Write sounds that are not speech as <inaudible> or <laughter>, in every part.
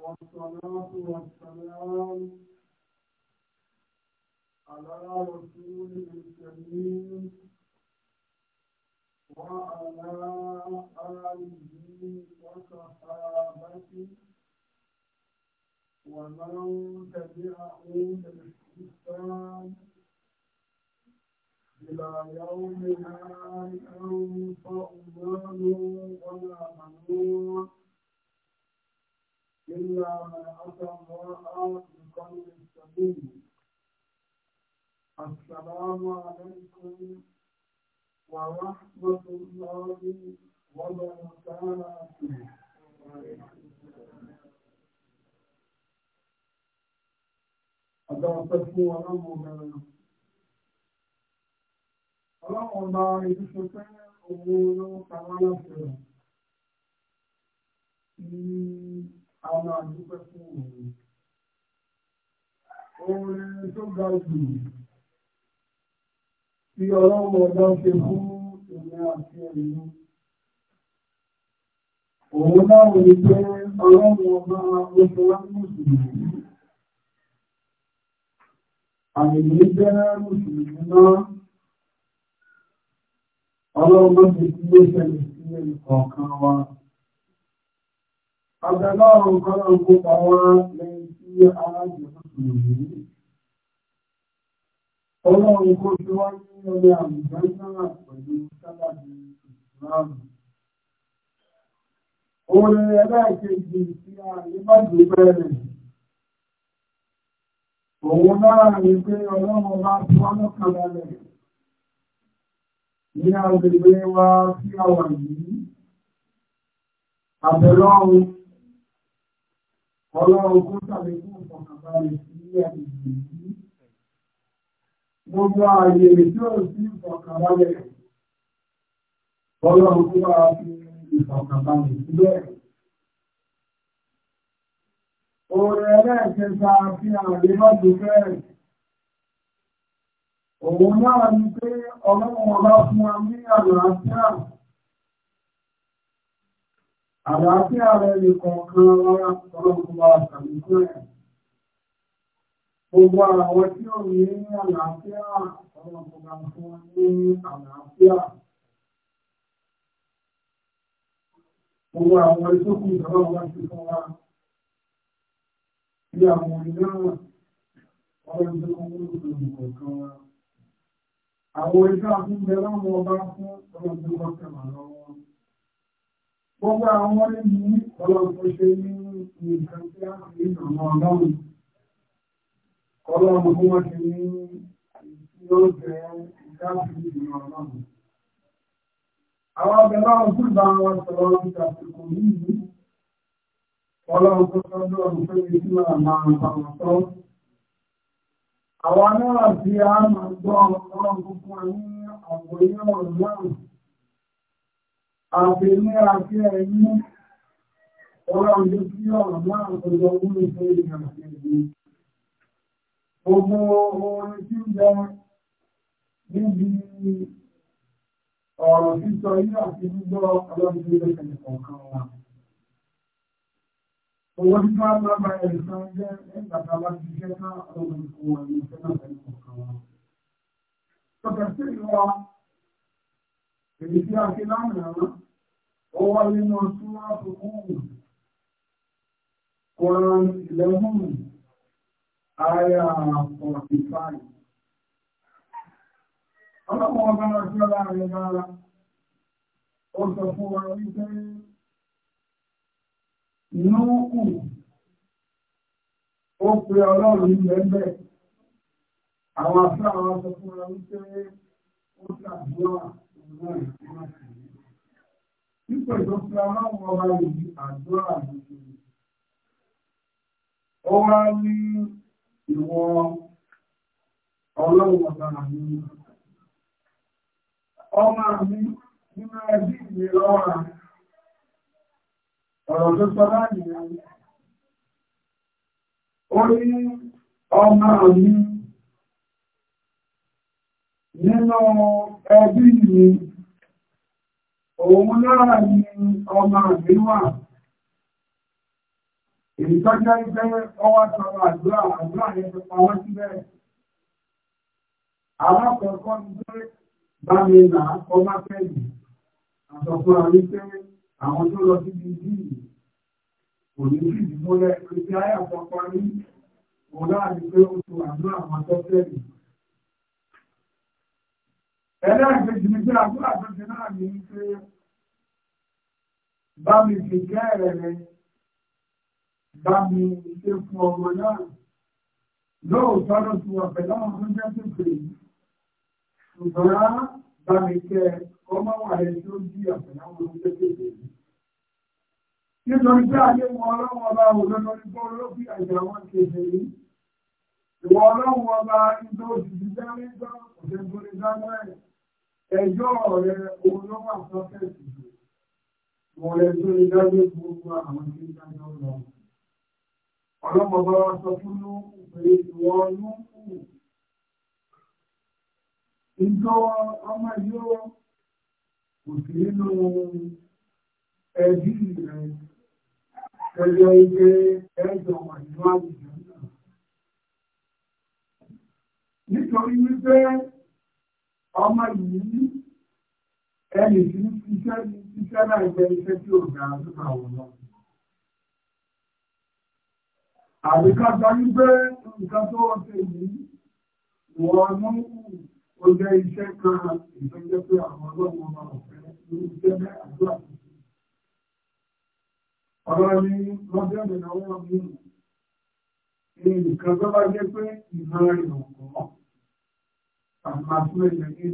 والصلاة والسلام على رسوله الكريم وعلى آله وصحابته ومن تبعهم بالإحسان إلى يوم لا ينفع مال ولا منون إلا من أتى امرأة بقلب سليم السلام عليكم ورحمة الله وبركاته Adáwọ̀pẹ́fún ọlọ́mọ̀ọ́gbà ọlọ́mọ̀ọ́gbà ìdíṣẹ́ pé owó olówó kan wá láti rẹ̀ àwọn àdúpẹ́ fún òun. Orin tó ga jù tí ọlọ́run ọ̀dọ́ ṣe fún èmi àti ẹ̀yìn. Òun náà ní pé ọlọ́run ọba oṣù Lámùsùlùmí. Àmìlì jẹ́ Mùsùlùmí náà. Ọlọ́run ti kí ó ṣẹlẹ̀ sí ẹnì kọ̀ọ̀kan wa. Àgbẹ̀lọ́run kan gbogbo àwọn lẹ́yìn tí aláàjẹ́ Ọlọ́run kó ṣe wá ní ọlẹ́ àmìjá náà pẹ̀lú sábàbí ìsìláàmù. Orin ẹlẹ́ẹ̀kejì tí a lè má jù bẹ̀rẹ̀. Òun náà ni pé ọlọ́run bá tí wọ́n lọ́kàn lẹ́lẹ̀. Ní agbègbè wa tí a wà yìí, àbẹ̀lọ́run Ọlọ́run kó sàlékún ìfọ̀kànbalẹ̀ sí ẹ̀yìn yìí. Gbogbo ààyè tí ó sí ìfọ̀kànbalẹ̀. Ọlọ́run kó bá fi ìfọ̀kànbalẹ̀ sílẹ̀. Oore ẹlẹ́ẹ̀kẹta fi ààrẹ lọ́dún bẹ́ẹ̀. Òun náà ni pé ọlọ́run ọba fún wa ní àlàáfíà. Àlàáfíà rẹ̀ lè kọ̀ọ̀kan rárá ọlọ́run wa ṣàlékún Gbogbo àwọn tí ò ní àlàáfíà ọlọ́run wa fún ní àlàáfíà. Gbogbo àwọn ìtókù ìjọba wa ti fún wa. Bí àwọn ìlànà ọlọ́run tó ní kọ̀ọ̀kan wa. Àwọn ìjọ àfihàn ọlọ́run ọba fún ọlọ́run tó lọ́wọ́. Gbogbo àwọn nínú ọlọ́pọ̀ ṣe ní nǹkan tí a fi ní àwọn ọlọ́run. Ọlọ́run kó wọ́n ti ní yóò jẹ́ ìdáàbí ìrìn ọlọ́run. Àwọn abẹ́lá ọdún bá wọn sọ̀rọ̀ ìtàkùn yìí. Ọlọ́run tó sọ́dọ̀ ọdún pé kí wọ́n máa bá wọn sọ. Àwọn náà tí a máa gbọ́ ọlọ́run kúkú ní ọ̀gbọ̀n yóò lọ́rùn àfẹ́mí àti ẹ̀yí ọlọ́run tí ọ̀rọ̀ náà tọjọ wúlò tó ìrìnà ìlú gbogbo orin tí ń jẹ níbi ọ̀rọ̀ sísọ yìí àti gbígbọ́ ọlọ́run tí ó lẹ́kẹ̀ẹ́ kọ̀ọ̀kan wa owó tí wọ́n bá èyí tí a fi lánàá ó wá nínú súnmọ́ àtúkùn Quran 11 aya 45 ọlọ́pọ̀ ọba ọjọ́ láàrin dára ó sọ fún wa wípé Núkù ó pe ọlọ́run lẹ́gbẹ̀ àwọn afẹ́ àwọn sọ fún wa wípé ó ṣàdúrà Nípa ìdọ́sí aláwọ̀ ọba yìí àdúrà nìkú. Ó wá ní ìwọ ọlọ́wọ̀ ọba mi. Ọmọ mi nínú ẹbí mi lọ́ra. Ọ̀rọ̀ tó sọ láàrin ayé. Ó ní ọmọ mi nínú ẹbí mi. Òun náà ni ọmọ àmìwà. Èyí tọ́jọ́ ìgbẹ́ ọwá sọ̀rọ̀ àdúrà àdúrà ní pípa wọ́n síbẹ̀. Alákọ̀ọ́kọ́ ń gbé bá mi là kọ́ má fẹ́yìn. Àtọ̀kùn àrí pé àwọn tó lọ sí ibi yìí kò ní sí ìdìbò rẹ̀ pé kí á yà sọ parí. Òun náà ni pé ó so àdúrà àwọn tó fẹ́yìn ẹ̀rẹ́ àgbèjì ní pé àdúrà tó ti náà ní pé bá mi fi jẹ́ ẹ̀rẹ́ bá mi ṣe fún ọmọ náà lóòótọ́ ló ti wà pẹ̀lú àwọn tó jẹ́ pípé yìí ṣùgbọ́n bá mi kẹ́ ọmọ wà rẹ̀ tó jí àpẹ̀lú àwọn tó jẹ́ pípé yìí. nítorí pé ayé wọn ọlọ́wọ́ ọba òun lórí bó ló fi àjà wọn kéde yìí ìwọ ọlọ́wọ́ ọba ìjọ òṣìṣẹ́ dáríjọ́ òṣèlú ìdájọ́ ẹ̀ ẹjọ́ rẹ̀ òun ló wà sọ́fẹ̀sì jù wọ́n lè tó lè dájú gbogbo àwọn tí ń dájọ́ lọ. ọlọ́mọba wa sọ fún lóòkù pé ìwọ̀n lóòkù ìjọ ọmọ yóò kò sí nínú ẹbí rẹ̀ ẹjọ́ ike ẹjọ́ wà nínú àwùjọ náà. nítorí wípé ọmọ yìí ẹni tí iṣẹ́ iṣẹ́ náà jẹ́ iṣẹ́ tí ò dáa nípa ọ̀nà. Àbíkájọ wípé nǹkan tó wọ́n ṣe yìí wọ́n mú ó jẹ́ iṣẹ́ kan ìfẹ́jẹ́ pé àwọn ọlọ́run ọmọ ọ̀fẹ́ ní iṣẹ́ náà àdúrà tuntun. Ọ̀rọ̀ ni lọ́jọ́ ìrìnàwó mi nǹkan tó bá jẹ́ pé ìmọ̀ rẹ̀ ò àmà fún ẹ̀sẹ̀ kí n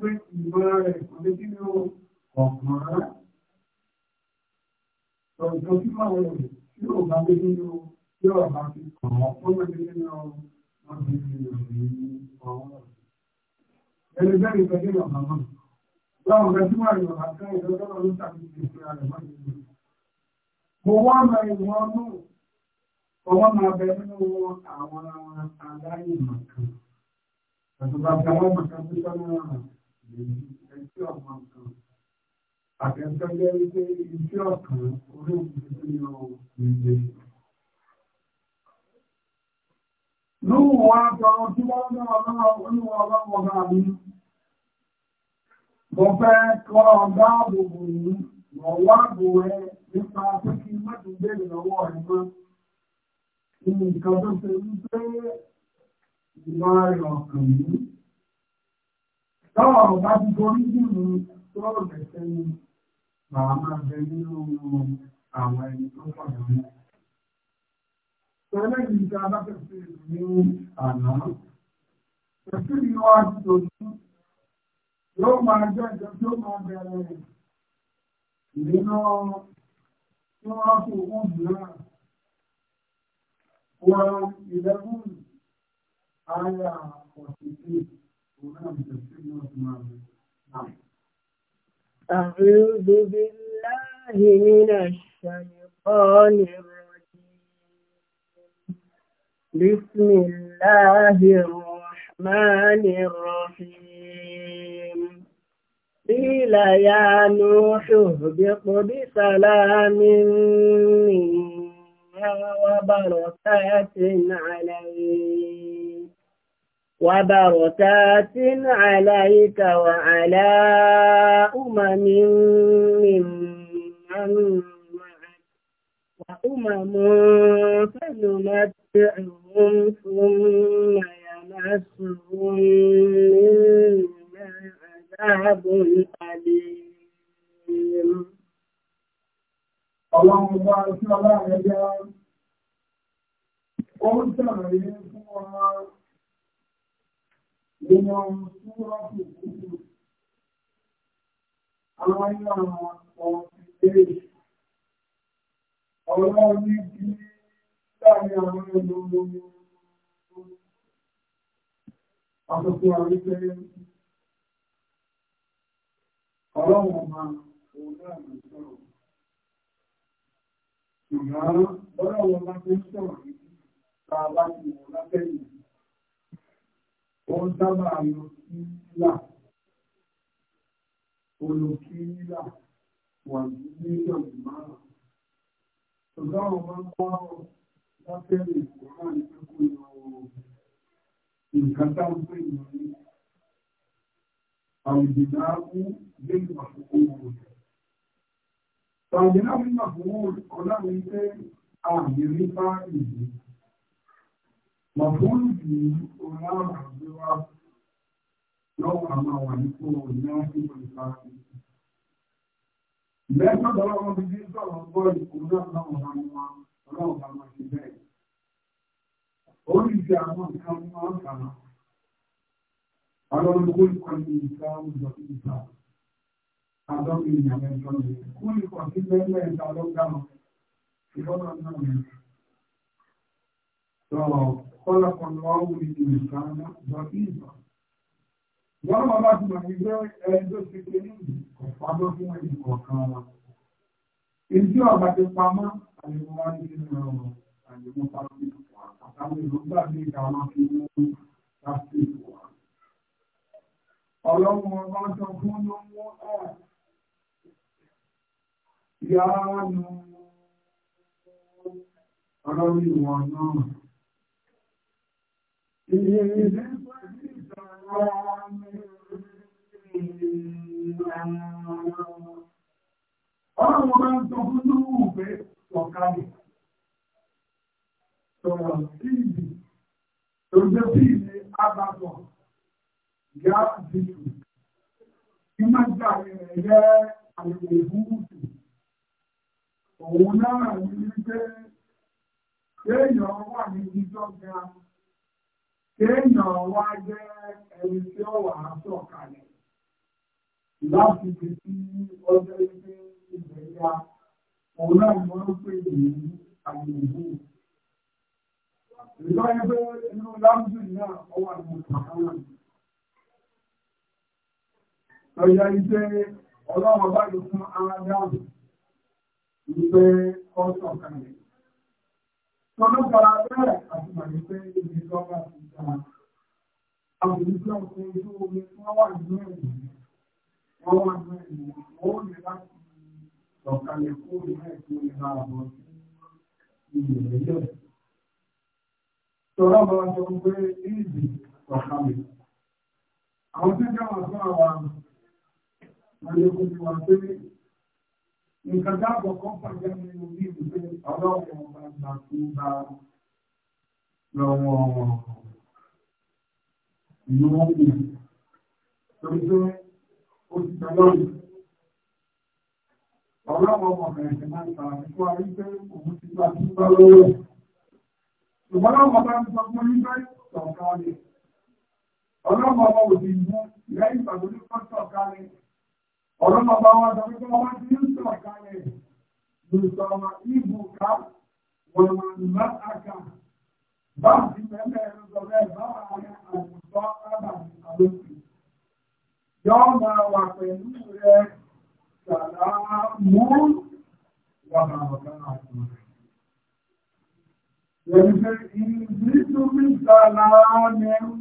pé ìmọ̀ rẹ̀ kò lè kí ní ọ̀gbọ̀n rẹ̀. Ọ̀jọ́ kí máa wọ̀ tí ó bá lé nínú tí ó bá fi kàn án fún ẹ̀sẹ̀ kí ní ọ̀gbọ̀n ti fi rìn ọ̀rọ̀. Ẹni bẹ́ẹ̀ ni pẹ̀lú bàbá náà. Báwo ni tí wàá yọ̀ àti ẹ̀jọ́ tó lọ́dún tàbí ti fi ara mọ́ ìlú. Mo wá ma ìwọ̀n náà, ọwọ́ máa bẹ nínú àwọn Ìjọba fi àwọn ọmọ kan tó sọ́nà lèyí ẹjọ́ ọmọ kan. Àtẹ̀sọ́ jẹ́ wípé iṣẹ́ ọ̀kan orí òkúta tó yọ ìgbé. Lóhùn wa tọrọ tí wọ́n ń lọ lọ́wọ́ olúwa ọlọ́wọ́ bá mi. Mo fẹ́ kọ́ ọ̀gá àbòbò yìí, mọ̀ wá bò ẹ nípa pé kí mọ́tò béèrè lọ́wọ́ ẹ̀ mọ́. Nǹkan tó ṣe wípé ìgbìmọ̀ rẹ̀ ọ̀kan mú. Táwọn ọ̀rọ̀ bá ti gorí jù ní tọ́rọ̀ lẹ́sẹ̀ ni màá máa bẹ nínú àwọn ẹni tó pàdé mú. Tẹ́lẹ̀ yìí ta bá fẹ́ ṣe ní àná. Ẹ̀sìn ni wọ́n á ti tòjú. Yóò máa jẹ́ ìjọ Aya 43, òun náà bẹ̀rẹ̀ sí ní أعوذ بالله من الشيطان الرجيم بسم الله الرحمن الرحيم قيل يا نوح اهبط بسلام مني وبركات عليك وبركات عليك وعلى أمم من معك وأمم فنمتعهم ثم يمسهم منا عذاب أليم اللهم بارك على عجاب ومن سمعين فوق nínú súnmọ́tì tuntun àwọn iná ọ̀hún ti lè ọ̀rọ̀ ní bí láàrin àwọn olóòrùn àkókò àríkẹ́ ọlọ́run ọmọ òun náà lè sọ̀rọ̀ ṣùgbọ́n bọ́lọ́wọ́ bá tó sọ̀rọ̀ nígbà bá ti wọ̀ lábẹ́yìn wọ́n sábà lọ sí là olùkíńlà wà ní ìjọba ọ̀gá ọ̀gá ń kọ́ lápẹ́lẹ̀ ìwọ̀n àìsíkò nǹkan tá ń pè ní àwùjìdáàbù lẹ́yìn àkókò wọn. àwùjìdáàbù ní àkókò wọn kọ́ láwọn ilé àmì rí bá ìlú. Mọ̀fúnjì orin àwọn àgbéwá lọ́wọ́ àwọn àwọn àyíkó ní wọ́n fi wọ́n ìfà sí. Lẹ́yìn náà lọ́wọ́ wọn bí bí sọ̀rọ̀ gbọ́ ìkúrú náà lọ́wọ́ àwọn wọn ọlọ́wọ́ bá wọn ṣe bẹ́ẹ̀. Oríṣi àwọn nǹkan ní wọ́n kà á. Ọlọ́run kó ìkọ́ ní ìta àwùjọ ìta. Àdọ́gbìn ìyàmẹ́jọ́ ni. Kó ìkọ́ sí lẹ́lẹ́ ìta lọ́gbà wọn. Ìfọ́nà náà خلق الله للإنسان ضعيفا wọ́n máa bá ti mọ̀ ní pé ẹni tó ti pé ní ìkọ̀pamọ́ fún ẹni kọ̀ọ̀kan wa. Èyí ọ̀gá ti pamọ́ àyẹ̀wò wa ní nínú ọ̀rọ̀ àyẹ̀wò pàṣípò wa. Àtàwọn èròǹgbà ní ìta wọn fi mú pàṣípò wa. Ọlọ́run ọba sọ fún Ọlọ́run ọmọ ń sọ fún lóòrùn pé sọ̀kalẹ̀. Sọ̀rọ̀ sí ìdí, tó jẹ́ sí ilé àbàtọ̀, ìyá ìdíkù. Ìmájá rẹ̀ yẹ́ àwọn ìbúrúkù. Òun náà ní kéèyàn wá jẹ́ ẹni tí ó wà á sọ̀kalẹ̀ láti fi sí ọjọ́ ilé ilẹ̀ ya òun náà ni wọ́n pè ní àyèwò. Ìjọ ẹgbẹ́ inú lámùsùn náà ó wà ní ìpàkánà. Ọ̀yà iṣẹ́ ọlọ́run bá lè fún Ádámù wípé ọ̀sọ̀kalẹ̀. Tọ́lú fara bẹ́ẹ̀ ní pé ibi tí wọ́n bá ti ta àwọn ìjọ ọkọ̀ ojú omi tí wọ́n wà nínú ẹ̀yìn wọ́n wà nínú ẹ̀yìn wọ́n ní láti sọ̀kalẹ̀ kó nínú ẹ̀kọ́ ìlà àbọ̀ sí ìrẹ̀lẹ̀ ìgbà tó bá lọ́wọ́ ìlú wọn kù torí pé ó ti tẹ́lọ́rì ọlọ́wọ́ ọmọ ẹ̀sẹ̀ máa ń ta nípa rí pé òun ti gba tí bá lọ́wọ́ ṣùgbọ́n ọmọ bá ń sọ fún nígbà ìtọ̀kalẹ̀ ọlọ́mọ ọmọ òdì mú lẹ́yìn ìpàdé ní pọ́tọ̀kalẹ̀ ọlọ́mọ bá wọn sọ pé wọ́n ti ń sọ̀kalẹ̀ lùsọ̀ọ̀mà ìbùkà wọ̀nà ìmọ̀ àkàkà Báàbí mẹ́lẹ̀ ẹ̀rọ sọ bẹ́ẹ̀ láàárín àwùjọ ábàbí àlókè. Yọ́ máa wà pẹ̀lú rẹ̀ sàlámù wà bàbá àtọ̀ rẹ̀. Yẹ̀rù pé ìrìnlẹ́tò mi sàlámù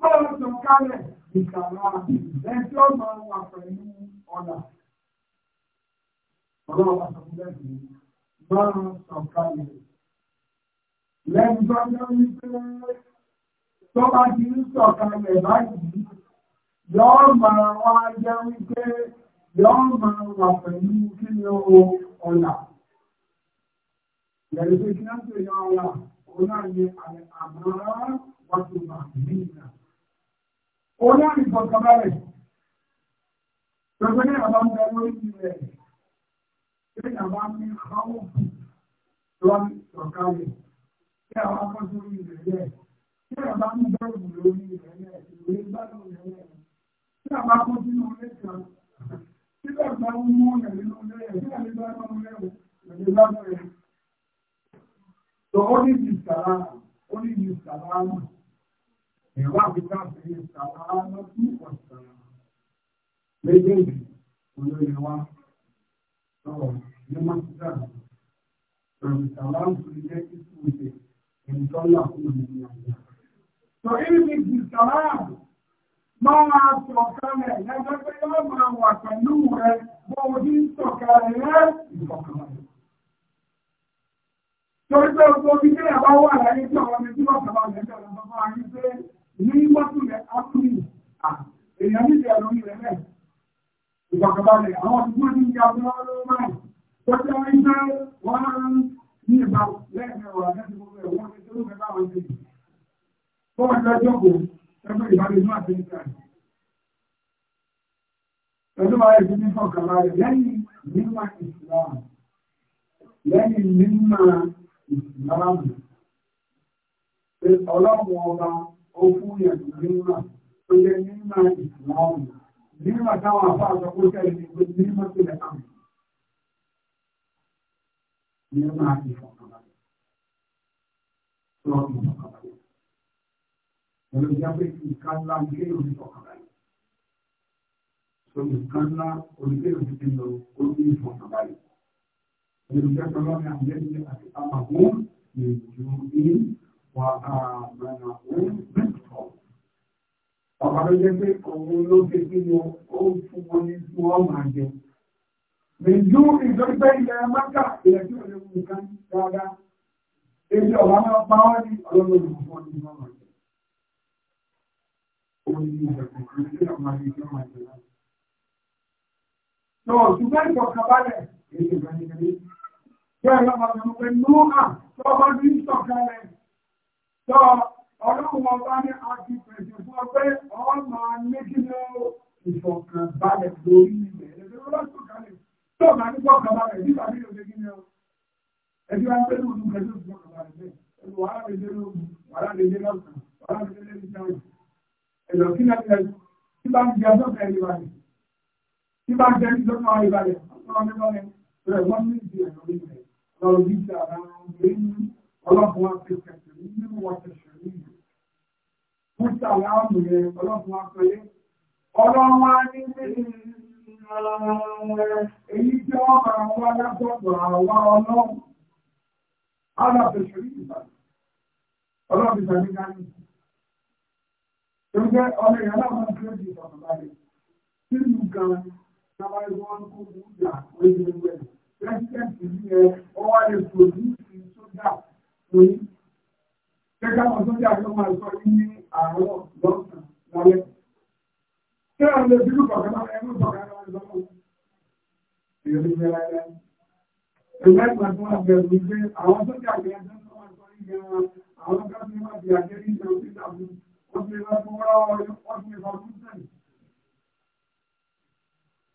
Máa tó kálẹ̀ ìkàlá ẹjọ́ máa wà sọ fún bẹ́ẹ̀ márùn-ún sọ̀kalẹ̀. Lẹ́nu tó ń lórí pé tó bá ti ń sọ̀kalẹ̀ báyìí, yóò máa wá jẹ́ wípé yóò máa wà pẹ̀lú kí ni o ọ̀là. Ìyẹ̀lú pé kí wọ́n pè ní ọ̀là, ọ̀là ni àmọ́ wọ́n ti wà nígbà. Ọ̀là ni sọ̀kalẹ̀. Gbogbo ní àwọn ọmọ ẹgbẹ́ orí ilẹ̀ tí àwa ní àwọn òkú lọ́n sọ̀kalẹ̀ tí àwa kọ́ sórí ìrẹ̀lẹ̀ tí àwa ń bẹ̀rù lórí ìrẹ̀lẹ̀ ìwé gbádùn ìrẹ̀lẹ̀ tí àwa kọ́ sínú ilé kan tí bàbá ń mú ọ̀nà nínú ilé rẹ̀ tí àlejò àwọn ọmọ rẹ̀ lè lọ́dọ̀ rẹ̀. tó ó ní ibi ìsàlá ó ní ibi ìsàlá náà ìwà àbíká sí ìsàlá lọ́sí ọ̀sán méjèèjì olóyè wa. So, you must learn. And it allows you to get So, even if you salam, máa sọ̀kalẹ̀ lẹ́gbẹ́ pé yóò máa wà pẹ̀lú rẹ bó o ní sọ̀kalẹ̀ rẹ ìfọ̀kànlẹ̀. Torí pé oṣù omi tí ẹ̀bá wà láyé tí àwọn ọmọ ìdíwọ̀ kan máa lẹ́gbẹ̀ẹ́ lọ́wọ́ máa pé ní mọ́tò rẹ̀ á ìgbàkọ̀bálẹ̀ àwọn tí wọ́n ti ń jàbọ̀ lọ́wọ́ mẹ́rin tó tí wọ́n ń gbé wọ́n ní ìgbà lẹ́ẹ̀mẹ́wàá lẹ́sí gbogbo ẹ̀wọ́n tí ó mẹ́ta wọn ti tó wọ́n ti lọ́jọ́ kò ẹgbẹ́ ìbálẹ̀ inú àti ìgbà pẹ̀lú àwọn ẹ̀sí ní fọ́nkàlá rẹ̀ lẹ́yìn mímọ̀ ìsìlámù lẹ́yìn mímọ̀ ìsìlámù pé ọlọ́run ọba ó fún ìyàtọ̀ mímọ̀ tó jẹ́ mímọ̀ ìsìlámù nígbà táwọn àfá àtọ́kóṣẹ́ ìgbé nígbà tó lẹ̀ àmì ní ó máa ti fọ̀kànbalẹ̀ tó ọdún fọ̀kànbalẹ̀ pẹ̀lú ìjábé ìka ńlá ilé òní fọ̀kànbalẹ̀ tó ìka ńlá onílé òní ti lọ ó ní ìfọ̀kànbalẹ̀ pẹ̀lú ìjábé ọlọ́rin àjẹ́jẹ́ àti Bàbá ló jẹ́ pé òun ló ṣe kí ni ó fún wọn ní tí wọ́n máa jẹ. Mèjú ìjọba ilẹ̀ Mákà ilẹ̀ tí wọ́n lè mú nǹkan dáadáa. Èyí ọ̀bá máa pa wọ́n ní ọlọ́run fún wọn ní wọ́n máa jẹ. Ó ní ìjọba ìjọba ìjọba máa jẹ máa jẹ láti. Lọ ṣùgbọ́n ìfọ̀kànbalẹ̀ èyí ìgbà ọlọ́run ọba ní akíkẹ̀ẹ́sì fún ọpẹ́ ọmọ méjìlá ìfọ̀kànbalẹ̀ lórí ilẹ̀ ẹgbẹ́ ọlọ́sùn kalẹ̀ tó bá ní fọ̀kànbalẹ̀ nígbà tí yóò gbégi ní ọ ẹgbẹ́ wa pẹ̀lú ọdún kẹjọ fọ̀kànbalẹ̀ bẹ́ẹ̀ ẹgbẹ́ wàhálà lè dé lóògùn wàhálà lè dé lọ́sàn wàhálà lè dé lẹ́yìn sáà ẹ̀lọ́ kí náà tẹ̀ tí bá ń jẹ ọjọ́kẹ́ ìbàlẹ̀ tí bá ń jẹ ìjọba ìbàlẹ̀ ọlọ́run ní Múta láàmù yẹn ọlọ́run wá pẹ̀lú. Ọlọ́run wá ní èyí tí wọ́n máa ń wá látọ̀dọ̀ àwa ọlọ́run. Alábẹ̀ṣẹ̀ ìbàdàn. Ọlọ́run ìbàdàn gánà. Ṣé ọmọ ìyá náà máa ń kéré jù ọ̀nà báyìí? Sínú gan-an, sábà wọ́n kó mú ìyá lórí ẹgbẹ́. Pẹ́sìdẹ̀ntì yẹn, ọwọ́ lè pòdúsì sójà lórí. Gẹ́gẹ́ àwọn tó jẹ́ àjọ máa sọ ní àárọ̀ lọ́sàn lálẹ́. Kí àwọn lè bínú kọ̀ọ̀kan náà ẹnu kọ̀ọ̀kan náà lọ́wọ́. Èyí ló fẹ́ láyé. Ìgbà ìgbà tó wà bẹ̀rù ni pé àwọn tó jẹ́ àjọ ẹjọ́ tó máa sọ ní gan-an, àwọn kan ti máa di àjẹ́ ní ìṣòro sí ìdàbí. Wọ́n ti lọ fún wọ́n wọ́n ti lọ fún sẹ́yìn.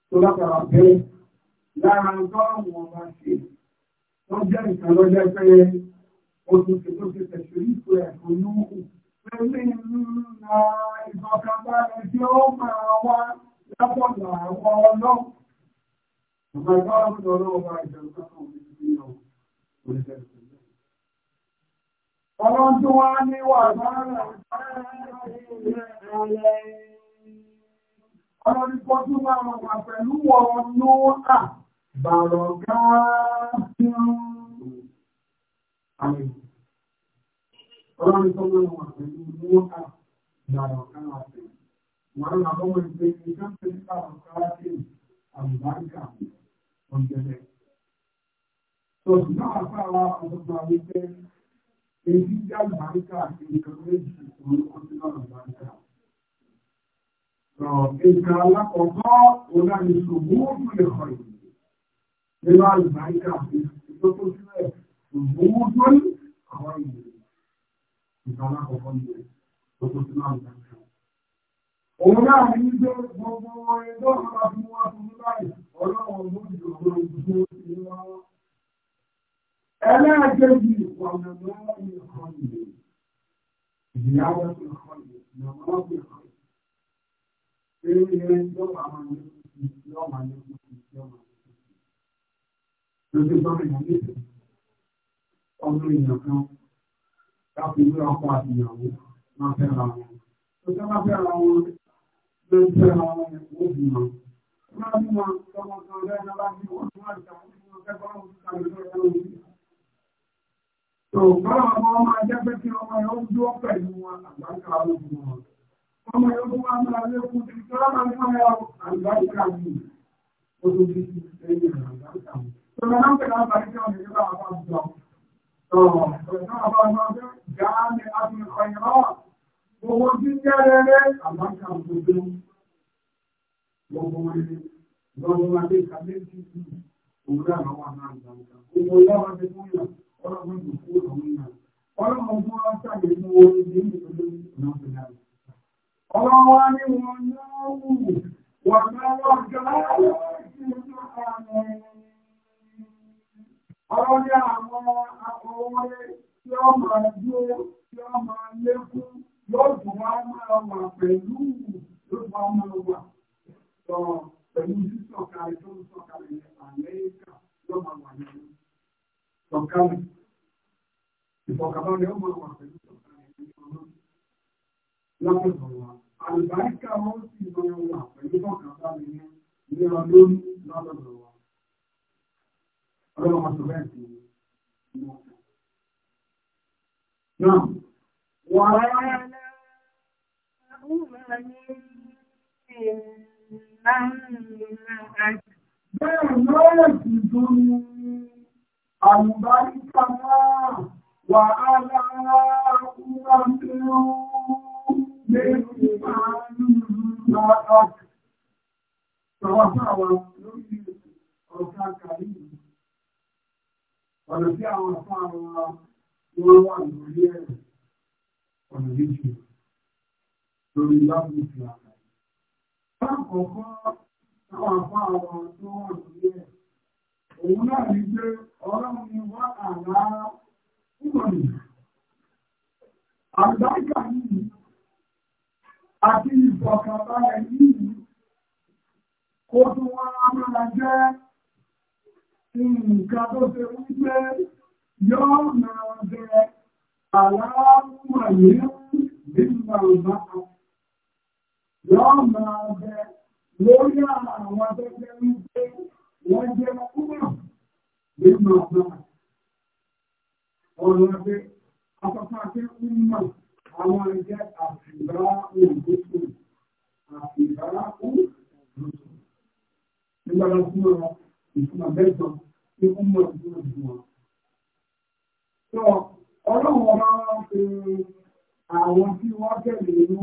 Tó lápára bẹ́ẹ̀ lára ọgọ́rùn-ún ọba ṣe. Wọ́n jẹ́ ìkàlọ́jẹ́ pé Outro que você preferiu é o Nuhu. Menina, ìfọ̀kànbalẹ̀ tí ó máa wá lápọ̀lọ̀ àwọn ọlọ́. Ìgbà ìgbàlá fún ọlọ́wọ́ bá ìjọba kan ní ìpínlẹ̀ òṣèlú. Ọlọ́run tó wá ní wà lára Ọlọ́run kọ́ tó máa wà pẹ̀lú wọn ló à bàrọ̀ gáà àmì ọlọ́run tó mọ́ wọn pẹ̀lú mọ́ta ìdàrà ọ̀kan àti wọn náà bọ́ wọn pé ìjọ ń pèsè àwọn kárátì àmìbáríkà ọ̀gẹ̀dẹ̀ tó sì náà sára ọ̀dọ́gba wípé èyí jẹ́ àmìbáríkà àti nǹkan méjì òun ó ti lọ́nà àmìbáríkà Nǹkan alákọ̀ọ́kọ́ ọ̀dà ni ṣùgbọ́n ó fún ìgbóhùn àwọn ìlú ìgbà alákọ̀ọ́kọ́ ní ọjọ́ tí máa ń gbà ṣe. Òun náà ní gbé gbogbo orin tó ń bá fún wa fún láì ọlọ́run ló jù ọ̀rọ̀ ìgbó ní wọn. Ẹlẹ́ẹ̀kejì ìpọ̀nà lọ́wọ́ ní ọkọ̀ ìlú. Ìyáwó ní ọkọ̀ ìlú ní ọmọ ní ọkọ̀ ìlú. Eré yẹn tó bá máa ní kùsì tí ọmọ ní kùsì tí ọmọ ní kùsì. Lójú sọ́mìnà ní ìpínlẹ̀ ọmọ èèyàn kan láti wé ọkọ àti ìyàwó máa fẹ́ra wọn. Tó tẹ́ bá fẹ́ra wọn ló ń fẹ́ra wọn ó bì wọn. Tó bá bí wọn tọmọ kan lẹ́nu bá bí wọn tó wà ní àwọn ìṣòro kẹ́kọ̀ọ́ lọ́wọ́ tó kàwé lọ́wọ́ lọ́wọ́ Tò bọ́lá ọmọ ọmọ ajẹ́ pé kí ọmọ yẹn ó dúró pẹ̀lú wọn àgbáríkà lójú wọn. Ọmọ yẹn ó wá máa lékún ti tọ́lá máa ń fọ́n ẹ àgbáríkà mi. Ó tó bí ẹ̀yìn àgbáríkà mi. وذهب الرجل جامعة الخيرات وهو جدا لك الله كان بدون وهو لو ما في خليل جديد ولا هو عن ذلك ولا ما تقول ولا ما تقول هنا ولا ما تقول أنت من ولدين بدون نفسنا ولا ما نقول ونقول وما نقول Ọ̀rọ̀ ní àwọn akọ̀wọ́lé tí ó máa dúró, tí ó máa lékún, yóò dùn wá máa wà pẹ̀lú ìlúpa ọmọ wa. Sọ pẹ̀lú sísọ̀kalẹ̀ tó ń sọ̀kalẹ̀ Amẹ́ríkà ló máa wà nínú. Sọ̀kalẹ̀. Ìfọ̀kàbálẹ̀ ó máa wà pẹ̀lú sọ̀kalẹ̀ ìfọ̀nà. Lọ́pọ̀lọpọ̀ wa, àlùbáríkà wọn sì máa wà pẹ̀lú sọ̀kalẹ̀ ní ọdún lọ́pọ̀lọpọ̀ wa ọlọ́run máa sọ bẹ́ẹ̀ sí inú ọ̀sán. náà wà á rárá bẹ́ẹ̀ náà sì tún ní àlùbáríkà náà wà á rárá kúrò nínú lẹ́yìn máa ń lọ́wọ́ fún àwọn lórí ọ̀sán kàrí yìí ọ̀nà tí àwọn fún àwọn wọn wà lórí ẹ̀rọ ọ̀nà méjì lórí lábùú ìfìlà àgbáyé. Lákọ̀ọ́kọ́ àwọn àfá àwọn tó wà lórí ẹ̀. Òun náà ní pé ọlọ́run ni wá àlá ìgbọ̀nì. Àgbáyà yìí àti ìfọ̀kànbalẹ̀ yìí kó tún wá máa jẹ́ nǹkan tó ṣe wípé yóò máa bẹ aláwọ̀yé nínú ọ̀bá yóò máa bẹ lórí àwọn tó ṣe wípé wọ́n jẹ́ kúrò nínú ọ̀bá ọ̀rọ̀ pé afọ́fọ́ akẹ́kọ̀ọ́ mọ̀ àwọn ẹgbẹ́ àfìbára òǹdókò àfìbára òǹdókò nígbàdá fún ọ̀rọ̀ ìfúnmọ̀ mẹ́jọ tí ó mọ̀ ìdúró ìdúró. Sọ ọlọ́run ọba wọn fi àwọn tí wọ́n tẹ̀lé inú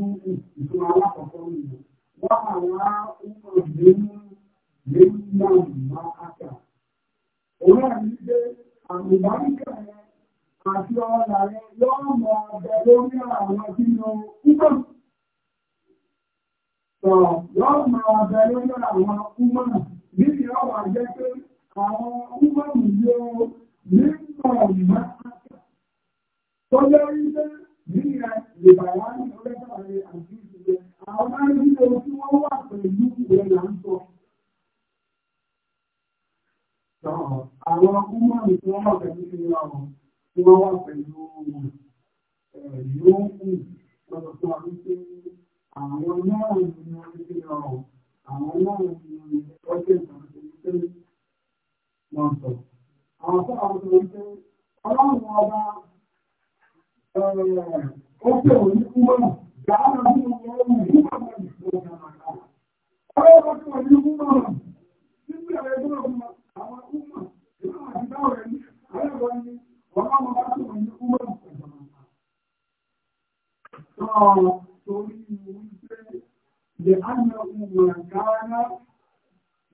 ìtura alákọ̀ọ́kọ́ nìyẹn. Wọ́n àwọn ọmọ ìlú lẹ́yìn náà má àṣà. Òun àmì pé àmì ìbáríkà àti ọ̀la yẹn yóò mọ ọ̀bẹ lórí àwọn tí níbi ọwọ́ àjẹ́ pé àwọn ọmọdé yóò nípa ìmọ̀ tó jẹ́ wípé nígbà ìbàwá ní ọlẹ́sàrẹ̀ àti ìṣẹ̀lẹ̀ àwọn arìnrìnlẹ̀ tí wọ́n wà pẹ̀lú ìwé là ń sọ. Àwọn ọmọdé tí wọ́n wà pẹ̀lú ìwé àwọn tí wọ́n wà pẹ̀lú ìlú lọ́dọ̀ fún àwọn náà ní ọjọ́ ìgbàlódé pé wọ́n sọ. Àwọn tó àwọn tó ń pé ọlọ́run ọba ó pè wọ́n ní kúmọ̀ dáná bí wọ́n ń mú àwọn ìṣòro náà kà. Ọlọ́run ọba tó wọ́n ní kúmọ̀ nígbà ẹgbẹ́ tó wọ́n àwọn kúmọ̀ nígbà àti báwọn ẹni àwọn ẹni ọlọ́run ọba tó wọ́n ní kúmọ̀ ìṣòro náà kà. Sọ̀rọ̀ torí wí لأنه ما كان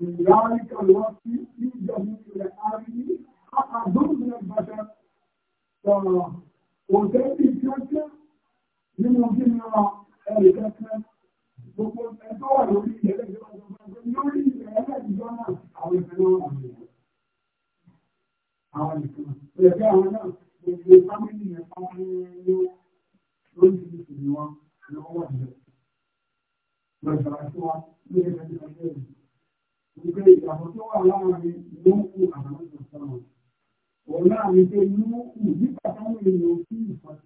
من ذلك الوقت في جميع الأرض أحد من البشر وتأتي كذا لممكن أن كذا gbogbo ẹgbẹ́ wà lórí ilẹ̀ lórí ilẹ̀ ẹlẹ́dìjọ́ náà àwọn ìfẹ́ náà wà lórí àwọn ìfẹ́ náà ẹgbẹ́ àwọn lọ́sọ̀rọ̀sọ ní ẹgbẹ́ ìgbàgbé rẹ̀. Wípé ìgbàgbọ́ èèyàn sí ìfọ̀tá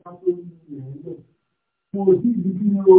tó ń yẹ̀ ẹ́ Mo sì di bí mo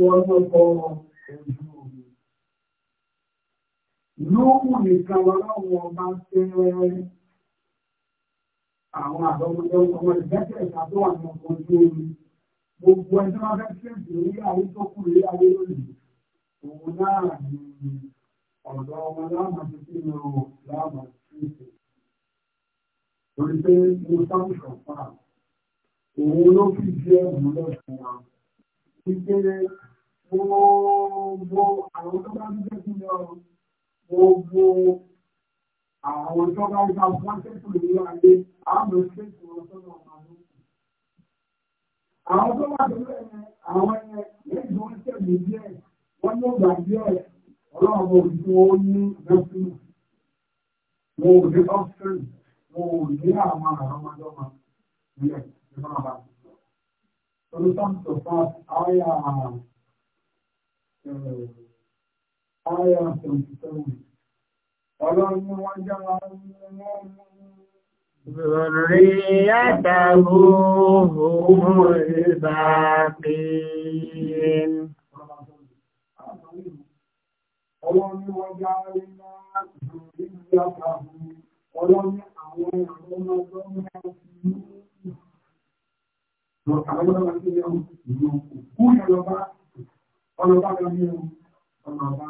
wọnú ọkọ̀ ojú omi. Lóòkù nìkan ọlọ́run ọba ṣe àwọn àdọ́mọdé ọmọ ìgbẹ́kẹ̀ ìtàtọ́ àwọn ọkọ̀ ojú omi. Gbogbo ẹjọ́ máa fẹ́ kéèkì orí ayé tó kù lé ayé lónìí. Òun náà ni ọ̀dọ́ ọmọ láàmà ti sí lọ láàmà sí ìsìn torí pé mo sáwọn ṣọ̀fà òun ló fi jẹ́ ìmúlẹ̀ fún wa wípé gbogbo àwọn tó bá ń jẹ́ kí lọ gbogbo àwọn tó bá ń bá wọ́n tẹ́kùn ní ayé àmì tẹ́kùn wọn tó lọ máa ló. àwọn tó bá tó lẹ́yìn àwọn ẹ̀yẹ lẹ́yìn tó ń tẹ̀lé díẹ̀ wọ́n yóò gbà díẹ̀ ọlọ́run òṣìṣẹ́ ó ní lọ́sùn wọn ò ní ọ́fíìn wọn ò ní àwọn àrọ́mọdọ́mọ ilẹ̀ ìfọ̀nàbà. Olùsọ́mùsọ̀ fún àyà àwọn. Àyà tòǹtòǹ. Ọlọ́run wọn jẹ́ wọn mú ذريته هم الباقين Ọlọ́run ọjà iná ìrìnlẹ̀ àtàbí ọlọ́run àwọn ọmọ ọjọ́ mẹ́rin ní àwọn ọmọ ọjọ́ mẹ́rin ní òkú ìjọba ọlọ́ba kan ní ọmọ àbá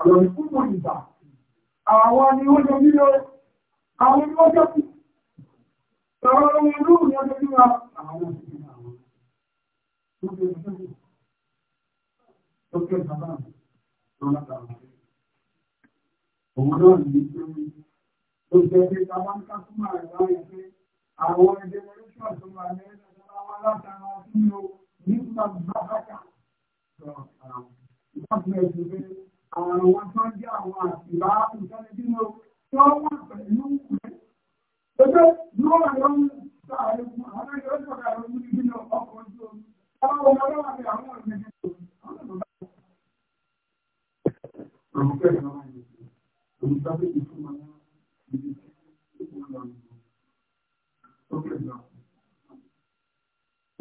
ọlọ́run púpọ̀ ìgbà àwọn ni ó jọ nílò àwọn ni ó jọ sí sọ̀rọ̀ ohun ìlú ni ọjọ́ bí wa àwọn òṣìṣẹ́ àwọn tó kẹ́ ìjọba tó kẹ́ ìjọba tó látàrí òun náà ní ìjọba tó jẹ́ pé tàbá ń ká súnmọ́ rẹ̀ láyé pé àwọn ẹgbẹ́ mọ́lẹ́ṣọ́ tó wà ní ẹgbẹ́ tó wá látàrí ọdún yóò nígbà bá bàtà gọ́ọ̀mẹ̀ntì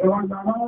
Ẹ̀wọ̀n ìgbà náà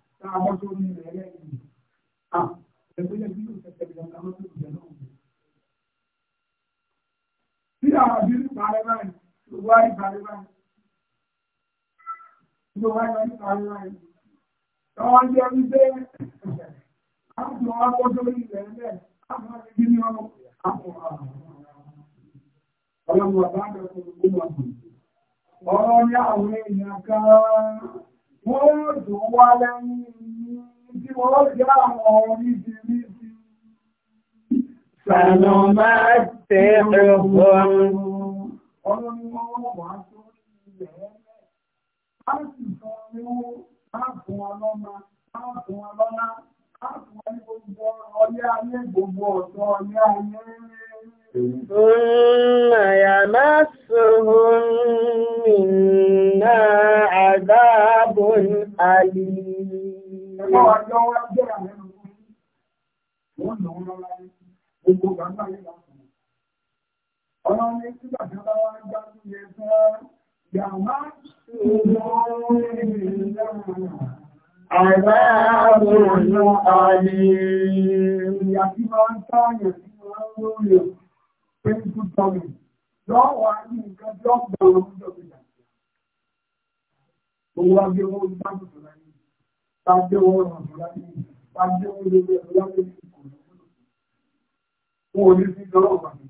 tá a bọ́ sórí rẹ̀ lẹ́yìn à ẹgbẹ́lẹ́ bí yóò tẹ̀sẹ̀ bí ọ̀gá mọ́tò ìjẹ́ náà wù. Bí àwọn abirú parẹ́ báyìí, ló wá rí parẹ́ báyìí, ló wá rí parẹ́ báyìí. Tọ́wọ́n jẹ́ orí dé àwọn ọmọ bọ́ sórí rẹ̀ lẹ́yìn àwọn ọmọ ibi ní ọmọ àwọn ọmọ ọlọ́run ọ̀bá ń bẹ̀rẹ̀ fún ọmọ ọ̀gbìn. Ọ̀rọ̀ ni àwọn èèyàn kan wọ́n dùn wá lẹ́yìn tí wọ́n jẹ́ àwọn oríṣiríṣi. Sànà máa tẹ ẹ̀kọ́ ọ̀run ni wọ́n wà tó ilẹ̀ ẹ̀lẹ́. A sì sọ ní wọ́n á fún ọlọ́mà, á fún ọlọ́lá, á fún ẹni gbogbo ọ̀rọ̀ ọlé ayé gbogbo ọ̀tọ̀ ọlé ayé rẹ̀. ثم يمسهم منا عذاب أليم Ọlọ́run ní sígbà tí ọba wá gbá ní ẹ̀ fún yàmá ṣùgbọ́n ìrìnlẹ́rùn àìbáyàwó ìlú ààrẹ ìyàtí máa ń tààyàn sí ọlọ́run lórí ọ̀ twenty two thousand lọ́wọ́ àti nǹkan tí wọ́n gbà wọn lọ́jọ́ tó yà sí. Owó agbé owó ní báńkì tó láyé, bá gbé owó ọ̀rọ̀ tó láyé, bá gbé owó ilé ẹ̀rọ láyé ní ìkò lọ́wọ́. Wọ́n ò ní sí lọ́wọ́ wà ní.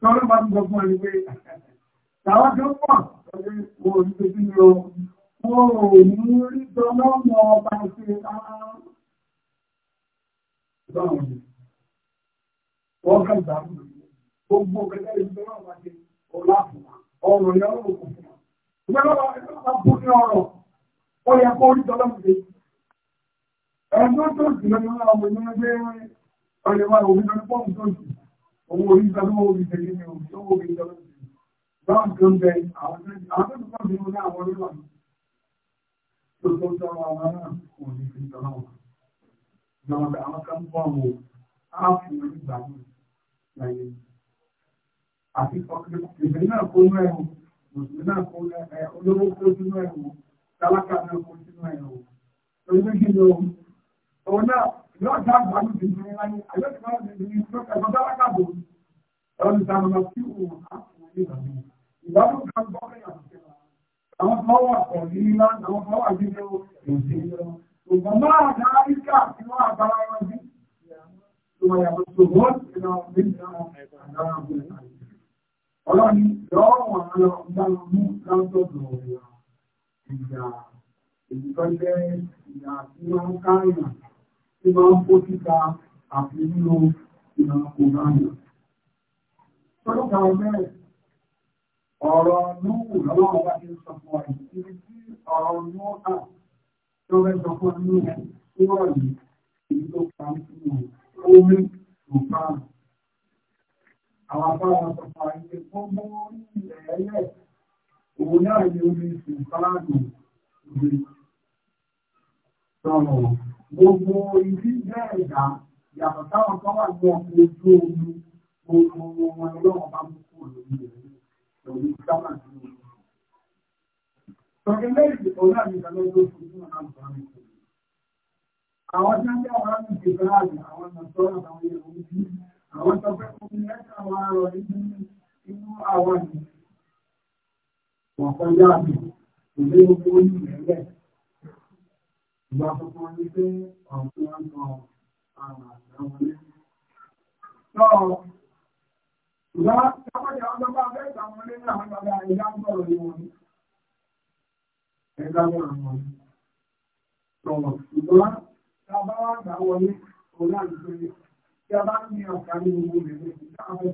Sọ́lá bá ń gbọ́ fún ẹni pé tàwa tó pọ̀ pẹ̀lú owó oníṣẹ́ sí lọ. Wọ́n ò ní rí tọ́lọ́mọ ọba ṣe wọ́n kàn gbà fún mi gbogbo kẹtẹ yìí tó náà wájú ọlá fún wa ọ̀rọ̀ yẹn ló kù fún wa ìgbẹ́ lọ́wọ́ ẹgbẹ́ a bú ní ọ̀rọ̀ ó yẹ kó orí tọ́lọ́ mi dé ẹ̀dọ́ tó jù lọ́wọ́ náà ọmọ ìlú ẹgbẹ́ ọ̀rẹ́ wa òbí lọ́wọ́ pọ́ùn tó jù owó orí ìgbà tó wọ́n fi tẹ̀lé ní òbí fi tọ́lọ́ mi dé báwọn tó bẹ àwọn tó tó jù àti ìfẹ́ náà kó inú ẹ̀wọ̀n mùsùlùmí náà kó olówó kó sínú ẹ̀wọ̀n tálákà náà kó sínú ẹ̀wọ̀n torí méjì ni ohun òun náà yóò dá àgbàlù bìbìrì láyé àyọ̀tí máa bìbìrì tó ẹ̀gbọ́n tálákà bò ọ̀rọ̀ ìdáná lọ sí òun àfọwọ́ nígbà mi ìgbàlù kan gbọ́ pé àwọn tó wà pọ̀ ní ilá àwọn tó wà nínú òsèlú ṣùgbọ́n máa dá àríkà tí wọ́n àgbára wọn bí ويمسهم من منا عذاب أليم ọlọ́ni lọ́wọ́ àwọn ọ̀gbánmú látọ̀dọ̀ ọ̀rọ̀ ìjà èyí tó jẹ́ ìyà tí wọ́n káyà tí wọ́n ń kó títa àti nínú ìlà kòránà. Tọ́lọ́kà ọ̀rẹ́ ọ̀rọ̀ lóhùn lọ́wọ́ wá ní sọ fún ọ̀rẹ́ ibi tí ọ̀rọ̀ lóhùn tó fẹ́ sọ fún ọ̀rẹ́ nínú ìwọ̀nyí èyí tó parí sí wọn omi òpá. Àwọn afárá sọ̀fà ilé gbogbo ilẹ̀ ẹlẹ́ òun náà ni omi sùnfàánù ìwé. Sọ̀rọ̀ gbogbo ibi jẹ́ ẹ̀dá yàtọ̀ táwọn kan wà ní ọkọ̀ ojú omi gbogbo wọn lọ́wọ́ bá mú kúrò lórí rẹ̀ lórí sábà tí ó lọ. Sọ̀rọ̀ lẹ́yìn ìtọ́jú àmì ìdánilójú fún ìdúnà náà Àwọn tí wọ́n jẹ́ àwọn ọmọ ìgbà àgbà, àwọn nàṣọ́rọ̀ àwọn ìyẹ̀wò ojú, àwọn tó fẹ́ kún ní ẹ̀ka àwọn arọ̀ nínú inú àwọn ìlú. Wọ́n kọjá àmì, kò lé gbogbo ojú ìrẹ́lẹ̀. Ìgbà tuntun ní pé ọ̀hún tí wọ́n sọ àwọn àgbà wọlé. Sọ ìgbà tábàjà ọjọ́ bá fẹ́ ìtàwọn ilé ní àwọn bàbá ìdágbọ̀rọ̀ ni wọ́n ní. Ẹ̀dá bá àwọn tó wà nínú wọ́n sọ̀kalẹ̀ nínú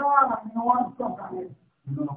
ọkọ̀ ojú òǹtàwọn.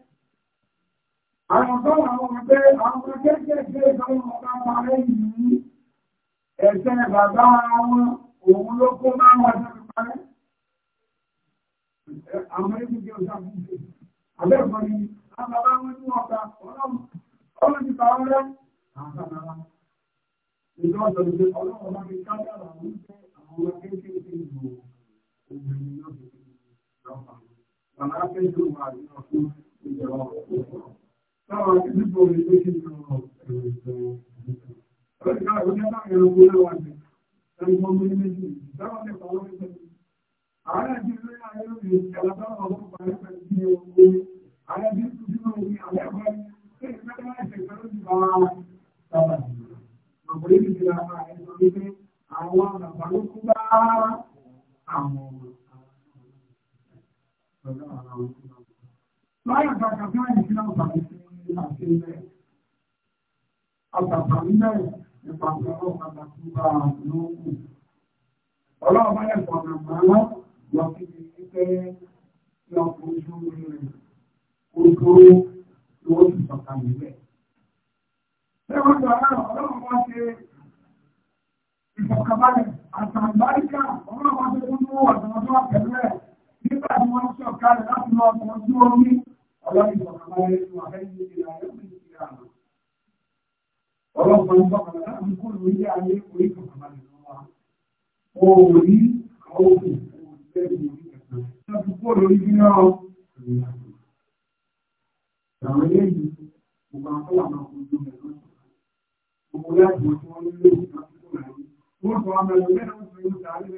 Àwọn tó àwọn òun ló kó máa wọ́n ṣe parẹ́. Àwọn ẹgbẹ́ ìjọ ìṣàkóso, àbẹ́ẹ̀kọ́ ni, àwọn bàbá wọn ní ọ̀gá ọlọ́run ti bàbá rẹ̀, àwọn bàbá wọn. Ìjọ ọlọ́run bá fi ká táwọn nígbò rí pé kí n kọ ẹ̀rọ ìgbà ìgbà. Ọlọ́dún náà ó ní aláwọ̀ ẹranko náà wà ní ẹranko ọmọ ilé méjì táwọn nípa wọn ń tẹ̀lé. Àwọn ẹ̀jẹ̀ ilé ayé ló lè ṣe alábáwọn ọmọ parí pẹ̀lú bí owó. Àwọn ẹ̀jẹ̀ tó dúró ní alẹ́ àbá ní ṣé ìgbẹ́ máa ṣe pẹ̀lú ìgbà sábà. Bàbá yìí ti ra àwọn àìsàn wípé àwọn bàbá ló kú bá àwọn ọmọ. Báyọ̀ bàbá báyìí ti náà bàbá sí àti ilẹ̀. Àtàkàrí bẹ́ẹ̀ nípa ọ̀rọ̀ pàtàkì bá lóògùn. Ọlọ́run bá lẹ̀kọ̀ ọ̀nà mọ́lá lọ sí ibi pípẹ́ lọ ojú rẹ̀. Ojú ló ti sọ̀kà nílẹ̀. Ṣé wọ́n gbà náà ọlọ́run wá ṣe ìfọ̀kànbalẹ̀ àtàgbáríkà ọlọ́run wá ṣe fún owó àtàwọn tó wà pẹ̀lú ẹ̀ nígbà tí wọ́n sọ̀kalẹ̀ láti lọ ọkọ̀ ojú omi Ọlọ́run bọ́kànlá láàrín kúrò ní ayé orí kọ̀kànlá ìrọ̀wà. Oòrí àwọn òkú lẹ́gbẹ̀ẹ́ orí kẹta. Láti kúrò lórí bí náà rẹ̀. Àwọn ilé yìí, gbogbo àpọ́lá máa kò jù mẹ́rin lọ́sọ̀rọ̀. Gbogbo láti wọ́n tí wọ́n lé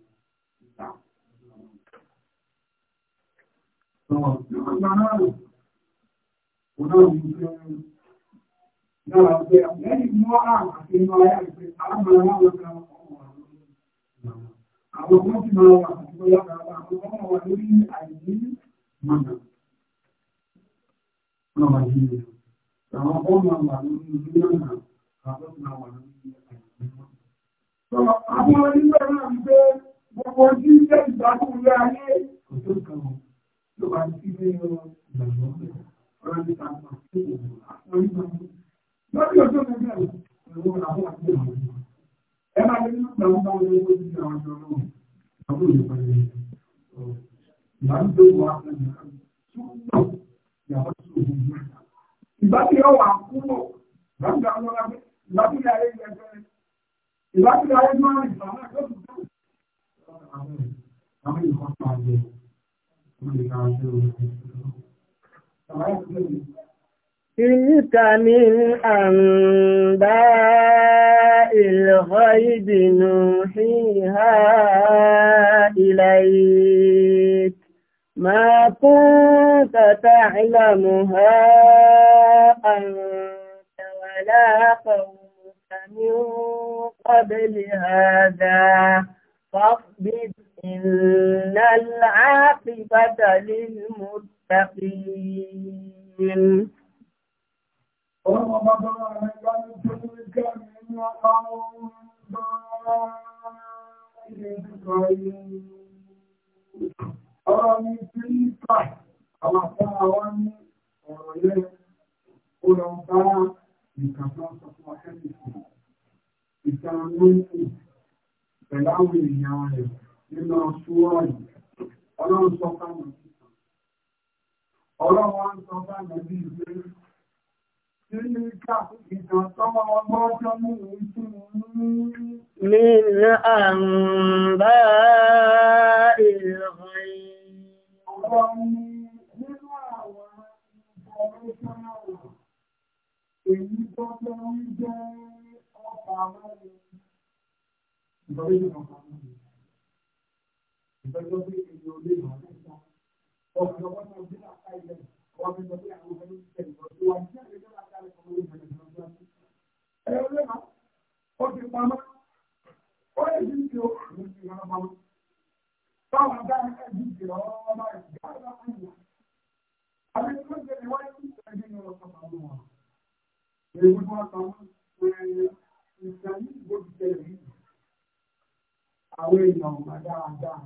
Àwọn ọmọ ti máa wà àti bóyá àwọn ọmọ wà lórí àìní mọ̀nà. Wọ́n wà ní ilẹ̀. Àwọn ọmọ wà lórí ilé mọ̀nà, àwọn ọmọ wà lórí àìní mọ̀nà. Àwọn onígbẹ̀rẹ̀ àti pé ló bá ti gbé ìgbàgbọ́ ọ̀rọ̀ nípa àti àwọn ìgbà lórí ọjọ́ mẹ́ta ìwọ àwọn àti àwọn ìgbà ẹ máa lè ní ìgbà wọn bá wọn lọ́wọ́ sí àwọn ìjọ náà àwọn olùkọ́ ẹ̀ ìgbà ń gbé wọn àti ìgbà tó yàrá tó wọn gbé ìgbà tí ó wà kúrò gbàgbà wọn lábẹ́ ìgbà tí ayé ń gbẹ ìgbà tí ayé ń gbẹ ìgbà náà yóò tún tó àwọn ìkọ́ta yẹn. تلك من أنباء الغيب نوحيها إليك ما كنت تعلمها أنت ولا قومك من قبل هذا فاصبر إن العاقبة للمتقين Ọ̀rọ̀ mi tí ń tà, àwọn afọ́nà wá ní ọ̀rọ̀ yẹn, ó lọ bá ìkàtọ́ sọ fún ọ̀ṣẹ́ ìsìn, ìtàn ló ń kù, pẹ̀láwò èèyàn rẹ̀ nínú ṣúwọ́ yìí ọlọ́run sọ fáwọn ìsìnkà ọlọ́run wá sọ fáwọn ẹbí ìwé Min àmbá ìrìn. Ọlọ́run nínú àwọn ìfọ̀rọ̀ṣọ́nà èyí tó jẹ́ ń jẹ́ ọkọ̀ àwọn ìrìn. Ìbọ̀lẹ́ ìrìn ọkọ̀ ìgbẹ́jọ́ pé èyí ò lè máa lẹ́sà ọ̀gbìn ọgbọ́n náà gbé láta ilẹ̀ wọ́n fi sọ pé àwọn ọmọ yóò tẹ̀lé lọ sí wa ní àgbẹ̀jọ́ láta ilẹ̀ kan lórí ìrìnàjò lọ́jọ́ sí. ẹ ò máa ó ti pamọ́ ó lè dín ní o àwọn ti pamọ́. báwọn bá ẹ bí ìrọ̀ ọmọ rẹ̀ gbáàgbá fún ìyá. àbí tó ń tẹ̀lé wáyé ní ìtẹ́jú ní ọ̀sán pamọ́ wọn. èyí wọ́n pamọ́ pé ìtàn yìí àwọn èèyàn ọ̀gá dáadáa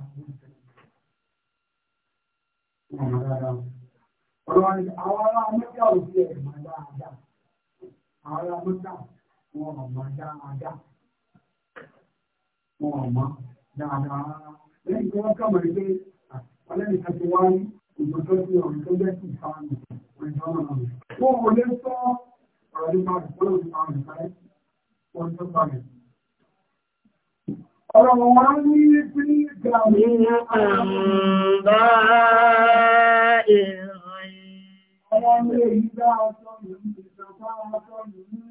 àwọn ará amẹ́ta ò sí ẹ̀mà dáadáa àwọn ará amẹ́ta wọn ọ̀mà dáadáa wọn ọ̀mà dáadáa lẹ́yìn tí wọ́n kàmọ̀ pé ọlẹ́ni kan ti wá ní ìgbọ́tọ́ sí ọ̀rọ̀ tó bẹ́ẹ̀ sì fa àmì ìjọba náà wọn ò lè sọ ọ̀rọ̀ nípa ìpínlẹ̀ òṣìṣẹ́ àmì ìpínlẹ̀ wọn tó bá mi. Ọlọ́run wá ní bí ìgbà ní àmbá ìrìn. Ọlọ́run èyí dá ọjọ́ yìí, ìjọba ọjọ́ yìí.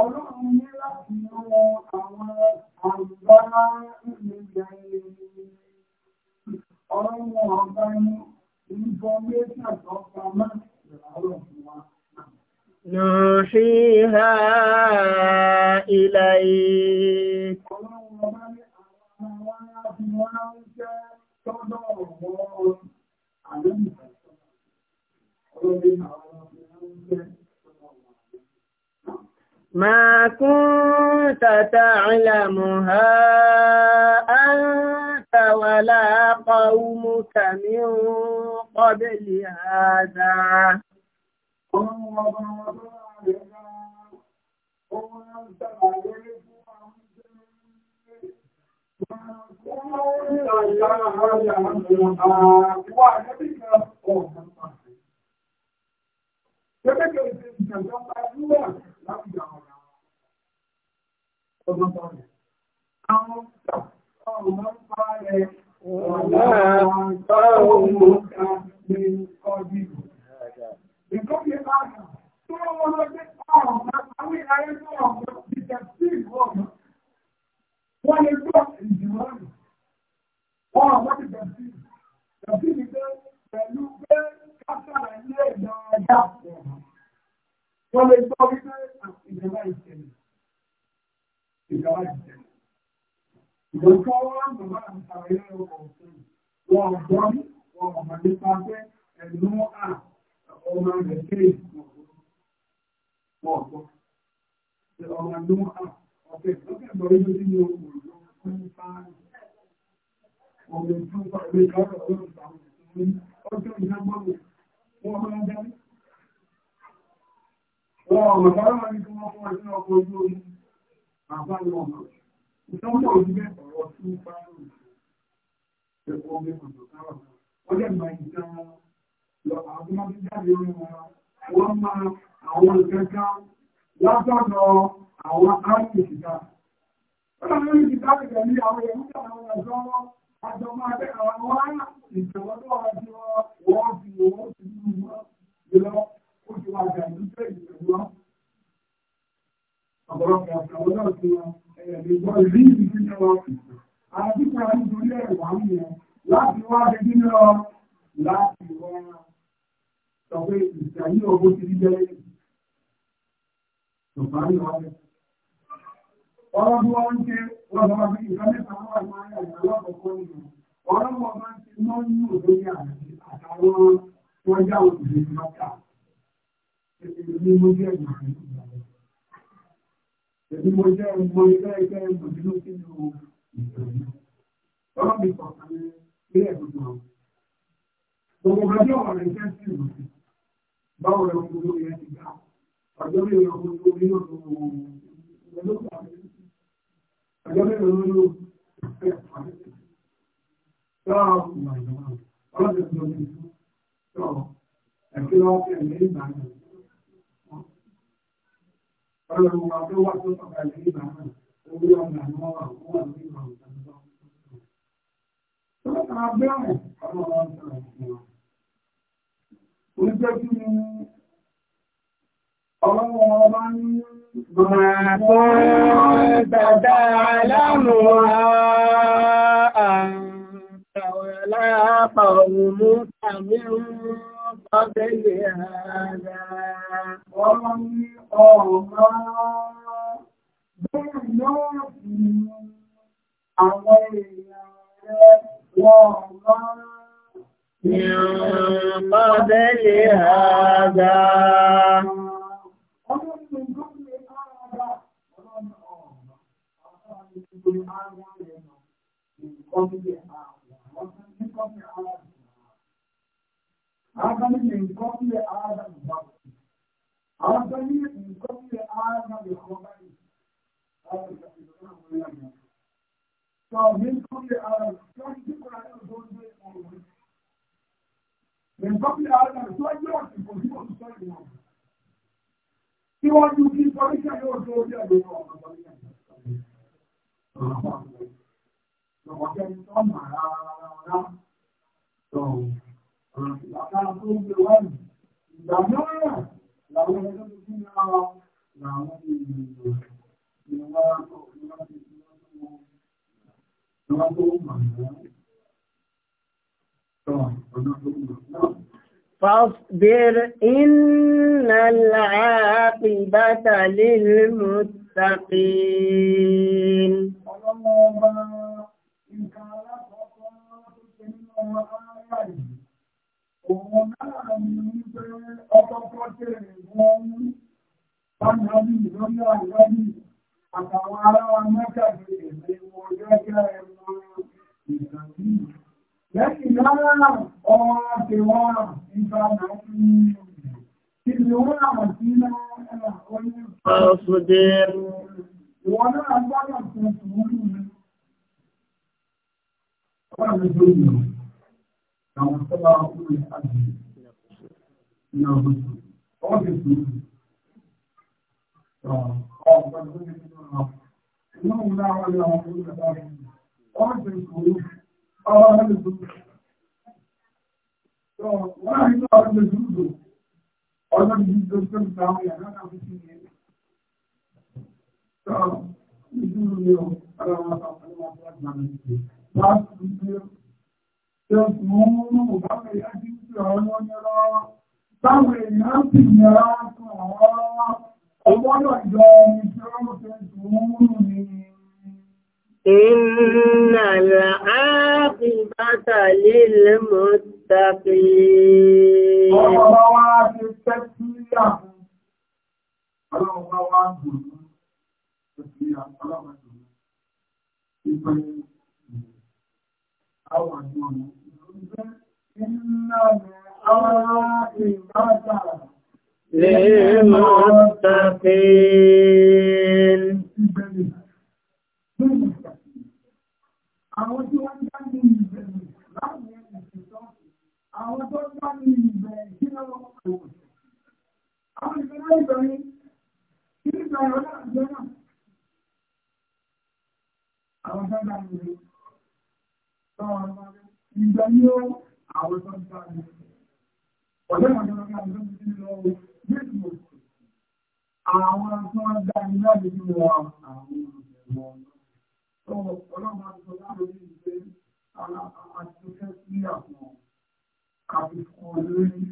Ọlọ́run ní láti rán àwọn àmbá ìrìnlẹ̀ ìrìn. Ọlọ́run ọ̀gbá ní ìbọn méjì àtọ́gbà máa ń rà lọ́wọ́. نوحيها إليك ما كنت تعلمها أنت ولا قومك من قبل هذا Ọ̀nà àpá òun ká ní ọdún ìkọ́bí àgbà tó wọ́n lọ sí ọ̀rọ̀ àwọn ayé tó ọ̀rọ̀ dìtẹ̀síìlì ọ̀rọ̀ wọ́n lè gbọ́ ìjìnlẹ̀ ọ̀rọ̀ wọ́n àwọn dìtẹ̀síìlì dìtẹ̀síìlì pé pẹ̀lú pé kásàrà ilé ìdárayá wọ́n lè gbọ́ wípé ìjọba ìṣẹ̀lẹ̀ ìjọba ìṣẹ̀lẹ̀ ìgbésọ́ wọn bàbá àti àwọn ilé ọkọ̀ òṣèlú wọn ò gbọ́ wọn ò mọ̀ nípa pé ẹ̀lú àà ọmọ ọjọ́ ìgbà ìjọba nínú wọn wọ́n máa àwọn ìgbẹ́gá látọ̀dọ̀ àwọn áìsìkà. Ọlọ́run ní ìdájọ́ pẹ̀lú àwọn ìrúkà àwọn ọ̀dọ́ àjọ máa bẹ́ àwọn wá ìjọwọ́dọ́ àjọ wọ́n fi owó sí inú wọn jùlọ ó ti wà jà ìlú pé ìjọba wọn. Ọ̀pọ̀lọpọ̀ àtàwọn náà ti wọn ẹ̀yẹ̀dẹ̀ gbọ́ ìrí ìdíjẹ́ wọn. Àdúgbò àdúgbò ilé ẹ̀wà ń yẹn láti wá sọ pé ìsìnkà ní owó ti rí jẹ́ lẹ́yìn ṣùgbọ́n ní wọ́n ọ̀rọ̀ bí wọ́n ń ṣe wọ́n lọ́wọ́ bí ìgbà mẹ́ta wọ́n wà máa ń yà lọ́kọ̀ọ́kọ́ nínú ọ̀rọ̀ wọn máa ń ṣe mọ́ ní òdòdó àtàwọn wọ́n já òṣèlú mọ́ta èmi mo jẹ́ ìgbà èmi mo jẹ́ ìmọ̀ ilé ẹgbẹ́ ìmọ̀dínú sínú ìgbàlódé ọ̀rọ̀ mi kọ̀ọ̀kan ní ilé ẹ̀dùn náà gbogbo ọ̀rọ̀ ẹgbẹ́ ọ̀rọ̀ ẹgbẹ́ báwo lọ fún lórí ẹ ti gbà ọjọ́ bí lọ fún lórí náà tó wù ú ọjọ́ bí lọ fún lórí ẹ yára fún wa ìjọba ọlọ́dẹ tó lórí fún tó ẹ̀kí lọ́wọ́ fún ẹ̀mí ìgbà náà ọlọ́run wa tó wà tó sọ̀rọ̀ ẹ̀mí ó jẹ́ kí ni ọlọ́run ọba ní Màkọ́ dàdá aláàmù àtàwẹ̀ àwọn èèyàn rẹ̀ wọ́n máa من قبل هذا Adam من قبل آدم بابتي آدم من قبل آدم بخبري So من قبل آدم كان يقرأ الجزء nǹkan bí ara rẹ̀ tó yọ àsìkò tí wọ́n sọ ìlú wọn. Tí wọ́n ju kí pọ́líṣà yóò tó orí ẹ̀rọ ọ̀rọ̀ pọ́líṣà tó orí ẹ̀rọ pọ́líṣà. Lọ́wọ́ kẹ́ni tó rárá. Tọ́ ìlàkà tó ń gbé wá yìí. Ìgbà mìíràn làwọn tó ti ń ra làwọn ènìyàn ìwà rárá. فاصبر إن العاقبة للمتقين Òun ará wa mẹ́kàdé ìrìn ojú ẹgbẹ́ ẹ̀mọ́ ìgbàgbìmọ̀ lẹ́yìn náà ọ̀rọ̀ ti wọ́n nípa nàìjíríà kí ni ó ràwọ̀ sí náà ọ̀rọ̀ ọ̀sọ̀dẹ̀ ìwọ̀n náà gbọ́dọ̀ fún ìwúrí mi. ọ̀rọ̀ mi tó yẹ àwọn tó bá wọ́n mi àjẹ́ ní ọdún tó ọdún tó yẹ. ọ̀rọ̀ ọ̀gbọ̀n tó yẹ kí wọ́n náà wọ́n lé àwọn tó yẹ ọmọ Ọjọ́ ìdíjọ́ tó ń ta àwọn ìyàrá náà fi sí ìyẹn. Tọ́ ìdúró ní ọ̀rọ̀ àwọn àpapọ̀ àwọn àpapọ̀ àti àwọn ìgbè. Wá sí ìgbè tí ó sì mú mú bá fẹ́ yá sí ìgbè ọ̀rọ̀ ní lọ́wọ́. Táwọn èèyàn sì ní ara fún àwọn ọlọ́wọ́. Ọgbọ́dọ̀ jọ ẹni tí ó ń fẹ́ sùn mú إن العاقبة للمتقين للمتقين àwọn tí wọ́n dá ní ìbẹ̀rù láwọn ẹ̀sìn tó àwọn tó dá ní ìbẹ̀rù kí lọ́wọ́ kò àwọn ìbẹ̀rù ìbẹ̀rù kí ìbẹ̀rù náà jẹ́ náà àwọn tó dá ní ìbẹ̀rù tó ìbẹ̀rù àwọn tó dá ní ìbẹ̀rù ọ̀dọ́ àwọn tó dá ní ìbẹ̀rù àwọn tó dá ní ìbẹ̀rù àwọn tó dá ní ìbẹ̀rù tó ọlọ́run àti ọlọ́run ní ìgbé àtúnṣe sí àwọn kàfífọ́ lórí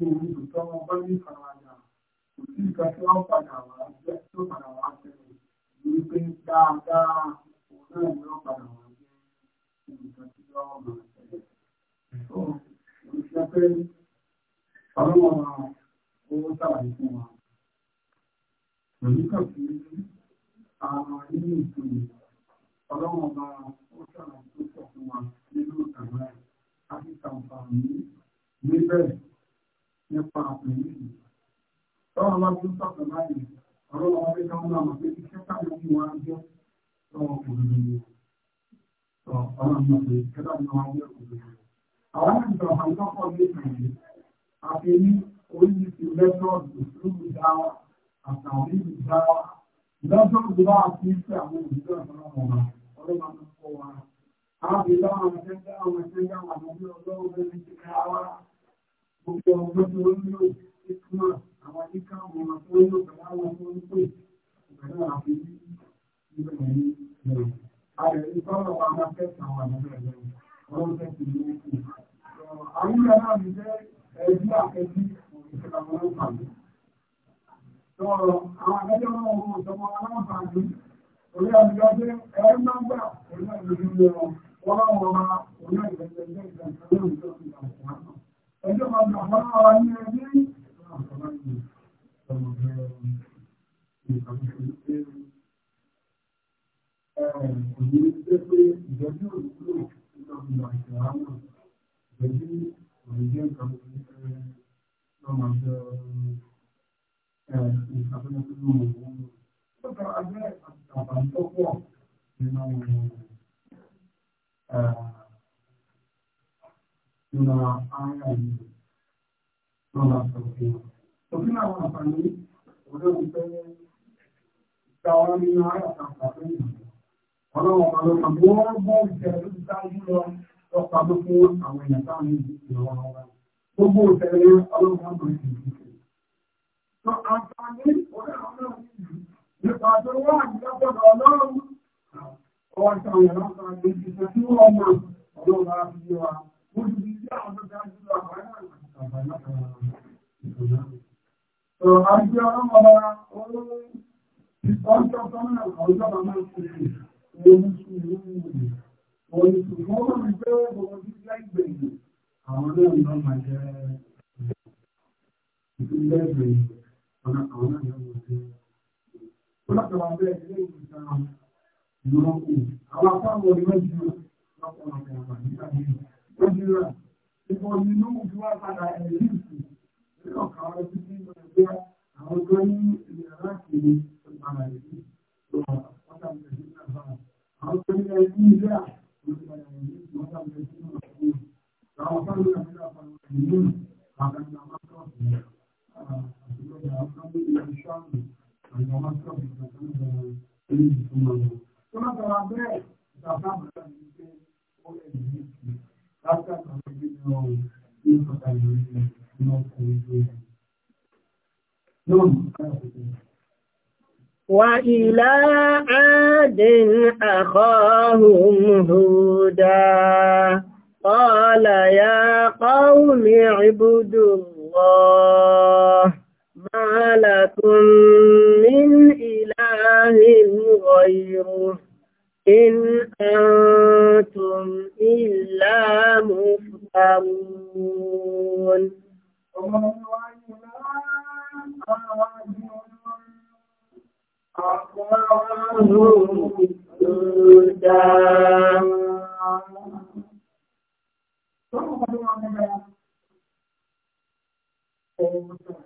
òun tó tọ́ wọn bá ní ìfaradà kò sí ìgbà tí wọ́n padà wá jẹ́ tó padà wá bẹ̀rẹ̀ ní pé dáadáa òun náà ni wọ́n padà wá jẹ́ nǹkan tí wọ́n máa tẹ̀lé. tó ìṣe pé ọlọ́run owó sàlàyé fún wa. Òní kàn sí àwọn nínú ìsinmi ọlọ́run ọba ó ṣàlàyé tó pọ̀ fún wa nínú ìtàgbà a ti ṣàǹfààní níbẹ̀ nípa àpèyí tọ́wọ́n bá tún sọ̀tọ̀ báyìí ọlọ́run ọba fẹ́ káwọn náà pé iṣẹ́ táwọn ti wá jẹ́ tọ́wọ́ òbí ni ọlọ́run náà pé iṣẹ́ táwọn náà wá jẹ́ òbí ni. àwọn náà jọ àwọn lọ́pọ̀ ní Ìdájọ́ ìjọba àti ìfẹ́ àwọn òṣìṣẹ́ ọ̀pọ̀lọpọ̀ wa, ọlọ́pàá ń kọ́ wa. A fi láwọn akẹ́kẹ́ àwọn akẹ́kẹ́ àwọn ọmọdé ọlọ́run lẹ́ni ti ká wá. Gbogbo ọgbẹ́ tí ó ń lò ìtumọ̀ àwọn akẹ́kẹ́ àwọn ọmọ tó ń lò pẹ̀lú àwọn tó ń pè pẹ̀lú àfi ní ilẹ̀ yìí lẹ́yìn. A lè rí sọ́nà wa máa kẹ́kẹ́ àwọn àmọ́lẹ̀ lẹ́yìn. Ọlọ́run tẹ̀sí ní ìlú. Àwọn ìlànà mi jẹ́ ẹbí àkẹ́kẹ́ ìfẹ́ àwọn adájọ́ nínú ara ìlú lọ́la sọ̀rọ̀ òbí àǹfààní oníhàn náà nípa tó wà ní lọ́pọ̀lọ́ ọlọ́run ọwọ́ ìtàn ìrànlọ́pàá ìgbésẹ̀ tí wọ́n mọ̀ ọlọ́run ara fi yé wa ó ti di ilé àwọn tó dájú lọ àwọn náà àti bàbá náà ìgbòná. Sọ̀rọ̀ àti ọlọ́run ọba olórí ìfọ́jọ́ sọ́nà ọjọ́ bàbá ìṣẹ̀lẹ̀ ohun sùúrù ohun sùúrù ó rí pé ohun tí jẹ́ ìgbẹ̀yìn ọ̀nà àwọn náà yóò wọlé. Ó lọ́pọ̀ wà bẹ́ẹ̀ ilé ìwòsàn ìlú ọkùn. Àwọn afáwọn ni wọ́n jùlọ lọ́pọ̀ ọ̀pọ̀ àgbà nígbà nínú. Wọ́n jùlọ ìbọn ni inú mú fi wá padà ẹ̀rí ìsìn. Nílò kan lọ sí sí ìgbẹ́ àwọn tó ní ilẹ̀ láti ní ìpàdà ìlú. Àwọn tó ní ẹni ilé àwọn Àwọn afáwọn ni wọ́n jùlọ وإلى عاد أخاهم هودا قال يا قوم اعبدوا الله لكم من إله غيره إن أنتم إلا مفترون Thank you.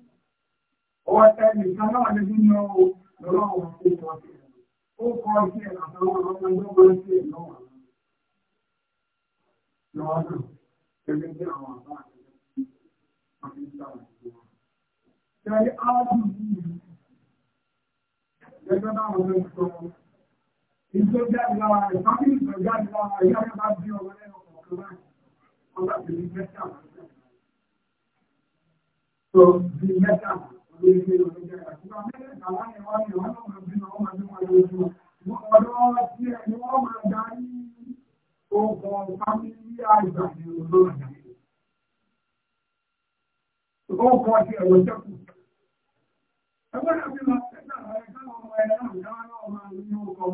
ọwọ́ tẹ́lẹ̀ ìkan náà ní bí yóò lọ́wọ́ wọn tó kọ́ sí ẹ̀ ó kọ́ sí ẹ̀ àtàwọn ọmọ ẹgbẹ́ wọn sí ẹ̀ lọ́wọ́ lọ́wọ́ náà ẹgbẹ́ bí àwọn àbá àti àti ìgbà òṣèlú wọn. Tẹ́lẹ̀ áàdùn yìí gẹ́gẹ́ bá wọn lè sọ ìjọ jáde lára rẹ̀ sábì ìjọ jáde lára rẹ̀ yára bá bí ọmọ lẹ́nu ọ̀kan báyìí ọlọ́pàá ìlú mẹ́ta. So, the mẹ́ta. Ọkọ̀ ti ẹ̀wọ̀ jẹ́kù. Ẹgbẹ́ náà fi lọ ẹgbẹ́ àwọn ẹgbẹ́ ọmọ ẹ̀rẹ́ náà dáwọn náà máa ń ní ọkọ̀.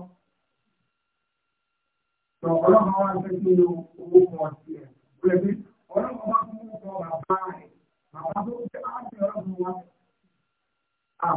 Ọlọ́run wá ń fẹ́ kí owó kan ti ẹ̀. Ọlọ́run wá fún ọkọ̀ bàbá rẹ̀. Bàbá tó jẹ́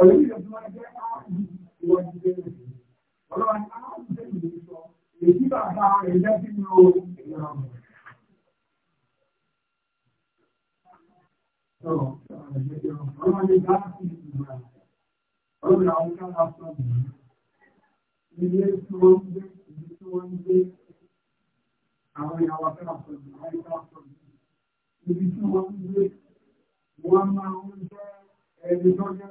ẹ̀rọ ìjọba jẹ́ áàbù ìwọ̀n ìdílé rẹ̀ ọlọ́run áàbù tẹ̀lé mi sọ èyí bàbá rẹ̀ lẹ́bí ní o ìyá ọmọ. Ọlọ́run ní gáàsì ìgbà ọlọ́run àwọn kára sọ nìyí ilé tí wọ́n ń gbé ibi tí wọ́n máa ń jẹ́ ẹni tó jẹ́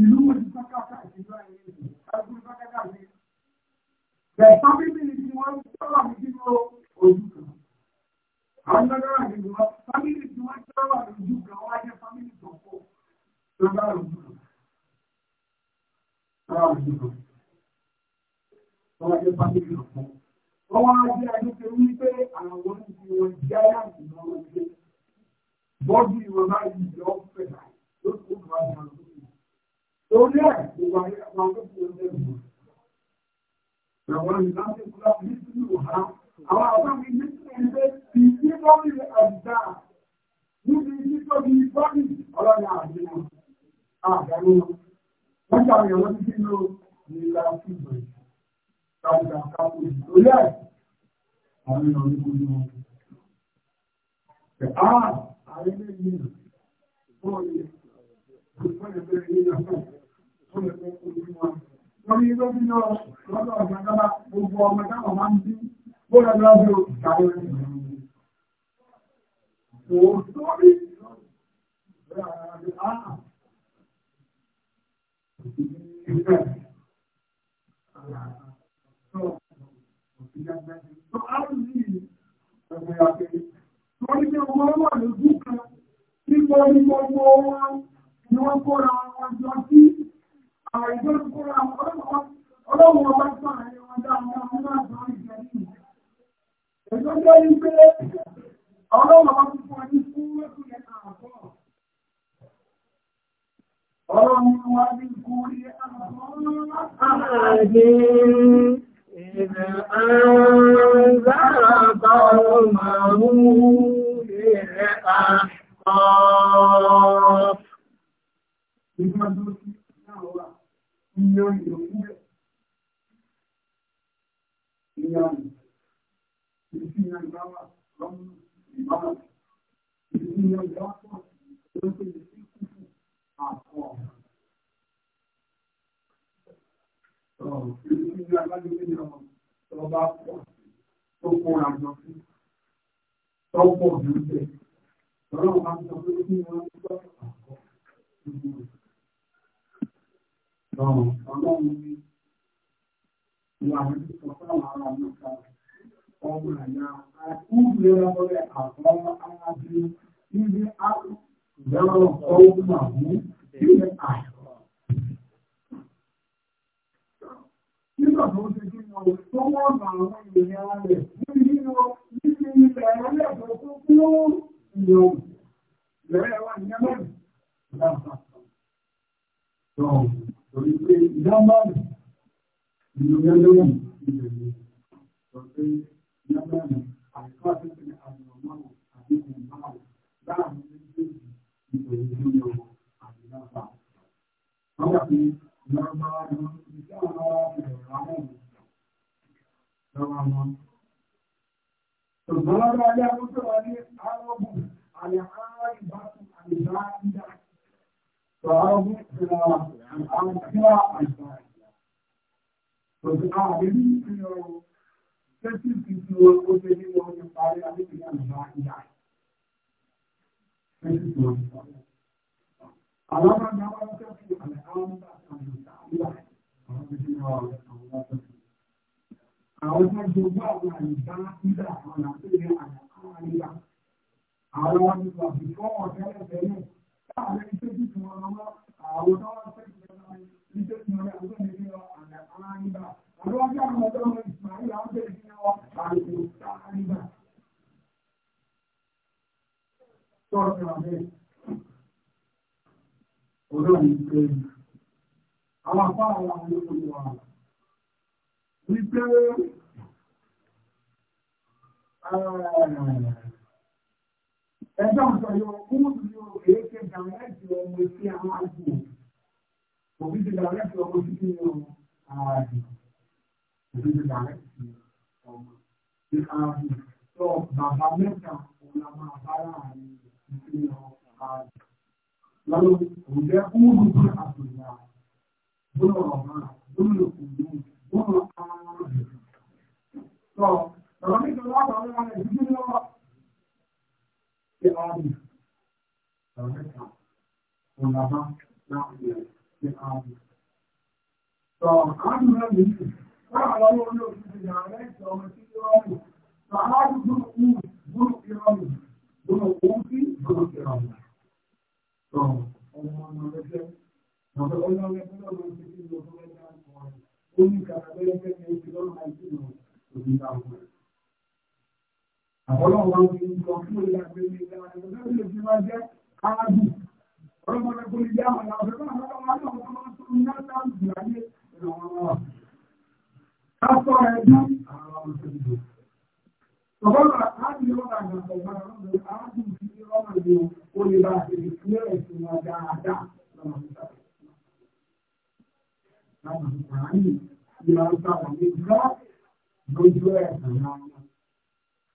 ìlú wọn ti sákàtà ìlú ẹ̀yìn ìlú ẹgbẹ́ sákàtà ní. Bẹ̀ẹ̀sán bíbí ni tí wọ́n sábà ní nínú ojú ìwọ̀n báyìí yọ ọ́ láì lóṣù tó bá Torí ẹ̀ gbogbo ayé àwọn tó fi ọjọ́ ìwọ̀n. Àwọn ìlànà ìkúlá ní ìlú ha, àwọn àwọn ìlú ẹgbẹ́ ti ní lórí ẹ̀dá níbi títóbi bọ́ọ̀lì ọlọ́rin àdínà. Àgbàlú wọ́n jà àwọn ìyàwó títí ló ní ìlànà ìgbà ìgbà kápò ìtòrí ẹ̀. Àwọn ìlànà ìkúlá wọn. Àà, àrẹ́lẹ́ yìí, bọ́ọ̀lì, kò fọ́n ẹgbẹ́ yìí náà ó lè fẹ́ kó lórí wọn. Wọ́n ní ló bí lọ lọ́dọ̀ ọ̀gbọ̀n gbogbo ọmọ táwọn máa ń bí bó lọ lọ bí òkútàwé rẹ̀. So, I don't need ọ̀gbọ̀n yàtọ̀. Wọ́n ní kí ọmọ wà lójú kan, kí wọ́n ní gbogbo wọn ni àìdójúkúra ọlọ́run ọba tó àárín wọn dáadáa wọn ọlọ́run iye oúnjẹ fúnbẹ̀. Ìyàwó, ìdí iye ìgbà wà lọ́mú ìbára, ìdí iye ìgbà pọ̀ ló pé ìdí kúkú àpọ̀. Ìdí iye alájọ pé ìyàwó tó bá pọ̀ tó pọ̀ àjọ fún tó pọ̀ lóúnjẹ. Ọlọ́run máa ń sọ pé kí wọ́n gbọ́ àpọ̀ ìgbìmọ̀. Ọlọ́run ọlọ́run ni ìwà àti ìfọ̀sáwọn ará mẹ́ta ọmọ àyà àkúgbé lọ́wọ́lẹ̀ àwọn arábí níbi àgbẹ̀rọ ọ̀hún àwọn ilẹ̀ àṣọ. Nígbà tó ti kí wọn tó wọ́n bá àwọn ènìyàn rẹ̀ níbi wọn níbi ilẹ̀ ẹlẹ́gbẹ̀ẹ́ tó kú ìyọ̀ rẹ̀ wà ní ẹgbẹ̀rún torí pé yámánì nínú yẹlẹ́wọ̀n ilẹ̀ yìí sọ pé yámánì àìkọ́ àtúntò ní àyọ̀mọ́ràn àti ìmọ̀ràn láàrin méjèèjì nítorí tó yọ àyíláfà. wọ́n gbà pé lọ́rọ̀mọ́ra ni wọ́n ti dá lọ́wọ́ ẹ̀rọ àwọn lọ́wọ́ wọn. ṣùgbọ́n lọ́rọ̀ ayé àwọn tó wà ní àwọn ọmọ àlẹ́ àárẹ̀ ìbátan àlẹ́ bá ń dà. صاروا إلى الأنبياء Òṣìṣẹ́ àríwí ní ọrọ̀ tẹ́sí ti ti wọ́n ó ṣe nínú ọjọ́ parí àríwí àjọ ìyá. Tẹ́sí ti wọ́n sọ. Àlọ́mọ̀ ni a máa ń tẹ́sí àlẹ́ àwọn bá àjọ ìyá. Àwọn ti ṣe àwọn ọ̀rọ̀ Àwọn tó jogún àwọn àyíká ìdá àwọn àti àwọn àyíká. Àwọn ọdún tó àbíkọ́ ọ̀tẹ́lẹ̀ tẹ́lẹ̀ Wípé ẹjọ́ àtọ̀yọ̀ kúrúdù ní òkè ṣe dàrẹ́tì ọmọ sí àwọn àgbò òbí ti dàrẹ́tì ọmọ sí kí ni ọmọ àwọn àgbò òbí ti dàrẹ́tì ọmọ sí àgbò tó bàbá mẹ́ta òun la máa bá láàrin ìpínlẹ̀ àgbò lọ́dọ̀ òun jẹ́ kúrúdù sí àtọ̀yà bọ́lọ̀ ọ̀mà bọ́lọ̀ ọ̀rọ̀ ṣé ààrùn ọ̀rẹ́ta ọ̀làbá láàrin ẹ̀ ṣé ààrùn. Sọ ààrùn náà ní láàrín àwọn olóòtú ti yàrá ẹ̀ṣọ́ ọmọ sí ìrọ̀rùn. Sọ ààrùn gbúrò kú gbúrò ìrọ̀rùn gbúrò kú sí gbúrò ìrọ̀rùn. Sọ ọmọ ọmọ ẹgbẹ́ ọ̀dọ́ ọlọ́rẹ́ fúnlọ́ máa ń ṣe Ọlọ́run ti sọ fún ilé àgbègbè ìjọba ìjọba ìjọba ìjọba jẹ́ káàdù. Ọlọ́run kò lè yá àwọn àwọn ọ̀rẹ́ máa wá lọ́wọ́ tó máa tún ní láti ayé ìrànwọ́. Kásọ̀ ẹ̀dá àwọn olùsèlú. Ọgọ́rùn-ún àkáàdì yóò rà àgbàkọ̀ ìgbàlá lọ́dọ̀ àádù sí ọmọ ìlú olè bá àti ìpínlẹ̀ ẹ̀sìn wọn dáadáa lọ́wọ́ nípa. Láwọn àǹfààní ìlànà ìgbà lójú ẹ̀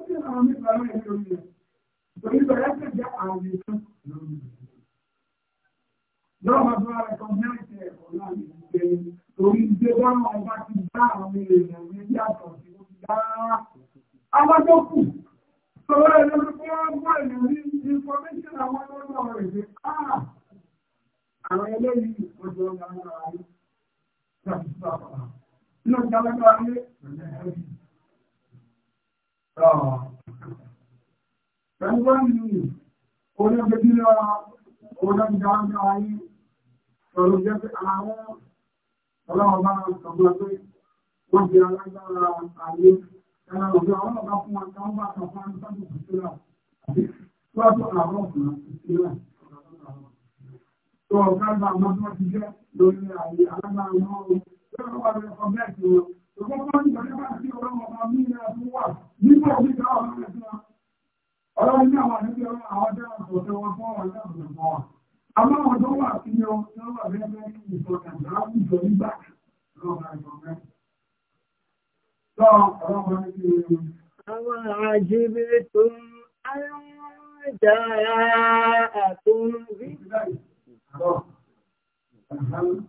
ó sì máa ní ìgbà mẹ́rin lórí rẹ̀ torí bẹ̀rẹ̀ sì jẹ́ àwọn ìlú lórí rẹ̀ lọ́wọ́ bá rẹ̀ kan mẹ́rin ẹ̀kọ́ láti ah! ṣe Pẹ̀lúwẹ́ni onígbèdílọ́ onígbèdílọ́ ayé sọ̀rọ̀ jẹ́ pé àwọn ọlọ́ọ̀bá ọ̀gbọ́n pé wọ́n jẹ́ alágbára ayé ẹ̀rọ ọ̀gbọ́n ọlọ́ọ̀bá fún wọn tán bá kan fún àtàkùn ìṣẹ́lá àti tọ́ọ̀tọ̀ àwọn ọ̀gbọ́n ìṣẹ́lá. Tọ́ọ̀gbọ́n Ọ̀pọ̀lọpọ̀ ìgbàlẹ́bà sí ọlọ́wọ́ ọmọ mi àwọn àníbí àwọn dára ọ̀tọ̀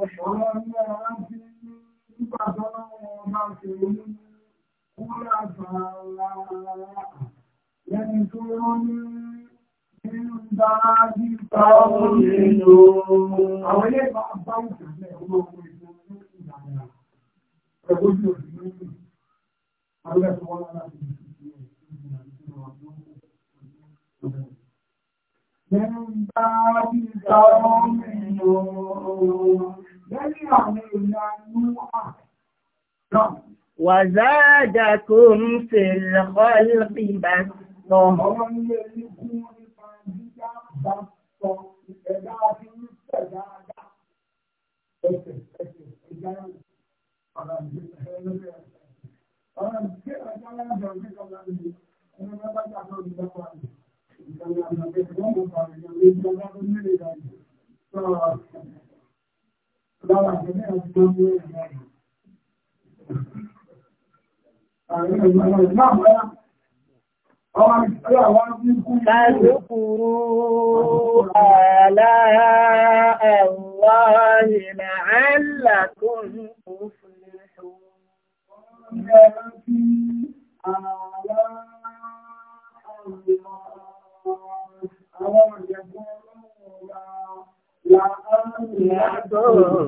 ọlọ́run náà ti nígbà tó lọ́wọ́ bá ṣe ní kúrò àgbàlá lẹ́ni tó rọ́ ní nínú dáadí bá ó lè lò àwọn ilé bá bá ìjàlẹ̀ ọlọ́run ètò ní ìlànà ẹgbẹ́ tí ó sì ní àwọn ẹ̀sùn wọn láti Then God is our own lẹ́yìn àwọn èèyàn Núhà Ọ̀rọ̀ ilé ní kún nípa jíjá bá sọ ìṣẹ̀dá àti ìṣẹ̀ dáadáa. Ẹsẹ̀ ẹsẹ̀ ẹja ọ̀rọ̀ ìṣẹ̀lẹ̀ ọ̀rọ̀ ìṣẹ̀lẹ̀ ọ̀rọ̀ ìṣẹ̀lẹ̀ ọ̀rọ̀ ìṣẹ̀lẹ̀ ọ̀rọ̀ ìṣẹ̀lẹ̀ Ẹni bá bá jà lórí ìjọba rẹ̀, ìjọba rẹ̀ ló ń bá ìjọba rẹ̀ ló ń bá ìjọba lára àgbẹ̀mẹ́ àti tó ní ẹ̀rọ فاذكروا آلاء الله لعلكم تفلحون آلاء الله Ìjọ̀pọ̀ ọlọ́run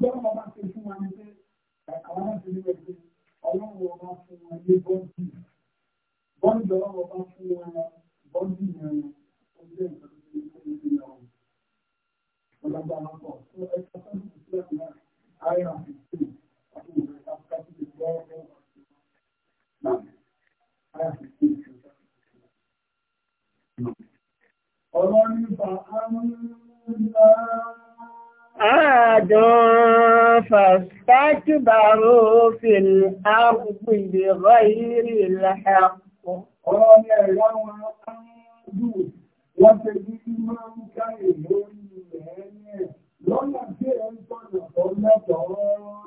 jẹ́ ọmọ bá ṣe fún wa ní pé àwọn láti rí ẹgbẹ́ ọlọ́run ọba fún wa ní bọ́ǹdì. Bọ́ǹdì ọlọ́run ọba fún wa bọ́ǹdì yẹn ó jẹ́ ìjọba tó ń fún mi lọ. Ọlọ́gbà máa pọ̀ fún ẹgbẹ́ sọ́dún ìṣẹ́lẹ̀ náà, ààrẹ àti ìṣẹ́lẹ̀ àti ìṣẹ́lẹ̀ àti ìṣẹ́lẹ̀ فاستكبروا في الأرض بغير الحق قال لهم أنجوز وتجد من كان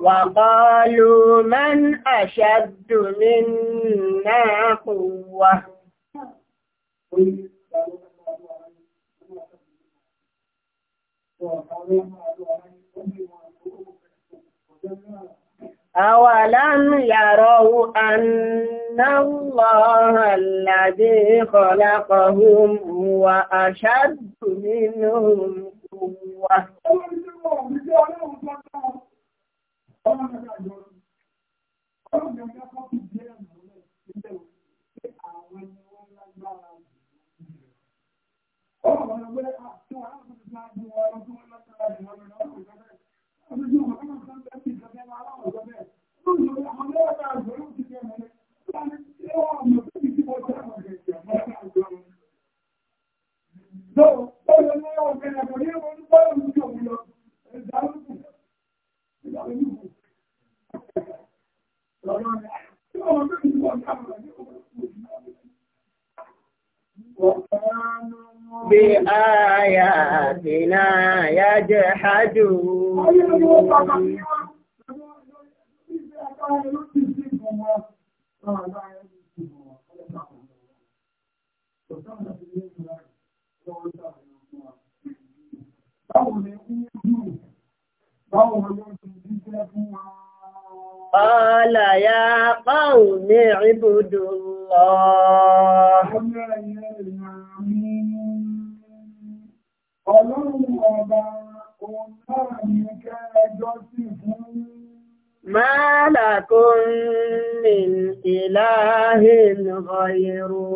وقالوا من أشد منا قوة وقالوا أولم يروا أن الله الذي خلقهم هو أشد منهم قوة Ọ̀rọ̀ بآياتنا يجحدون Báwo ni kí ní jù? Báwo ló ti jíjẹ́ fún wa? Ọlá ya báwo ní ìbùdó lọ? Ọlọ́run ọba òun náà ní kẹ́ẹjọ́ sí fún Málàkún min ìláhìn ọ̀yẹ̀rọ̀.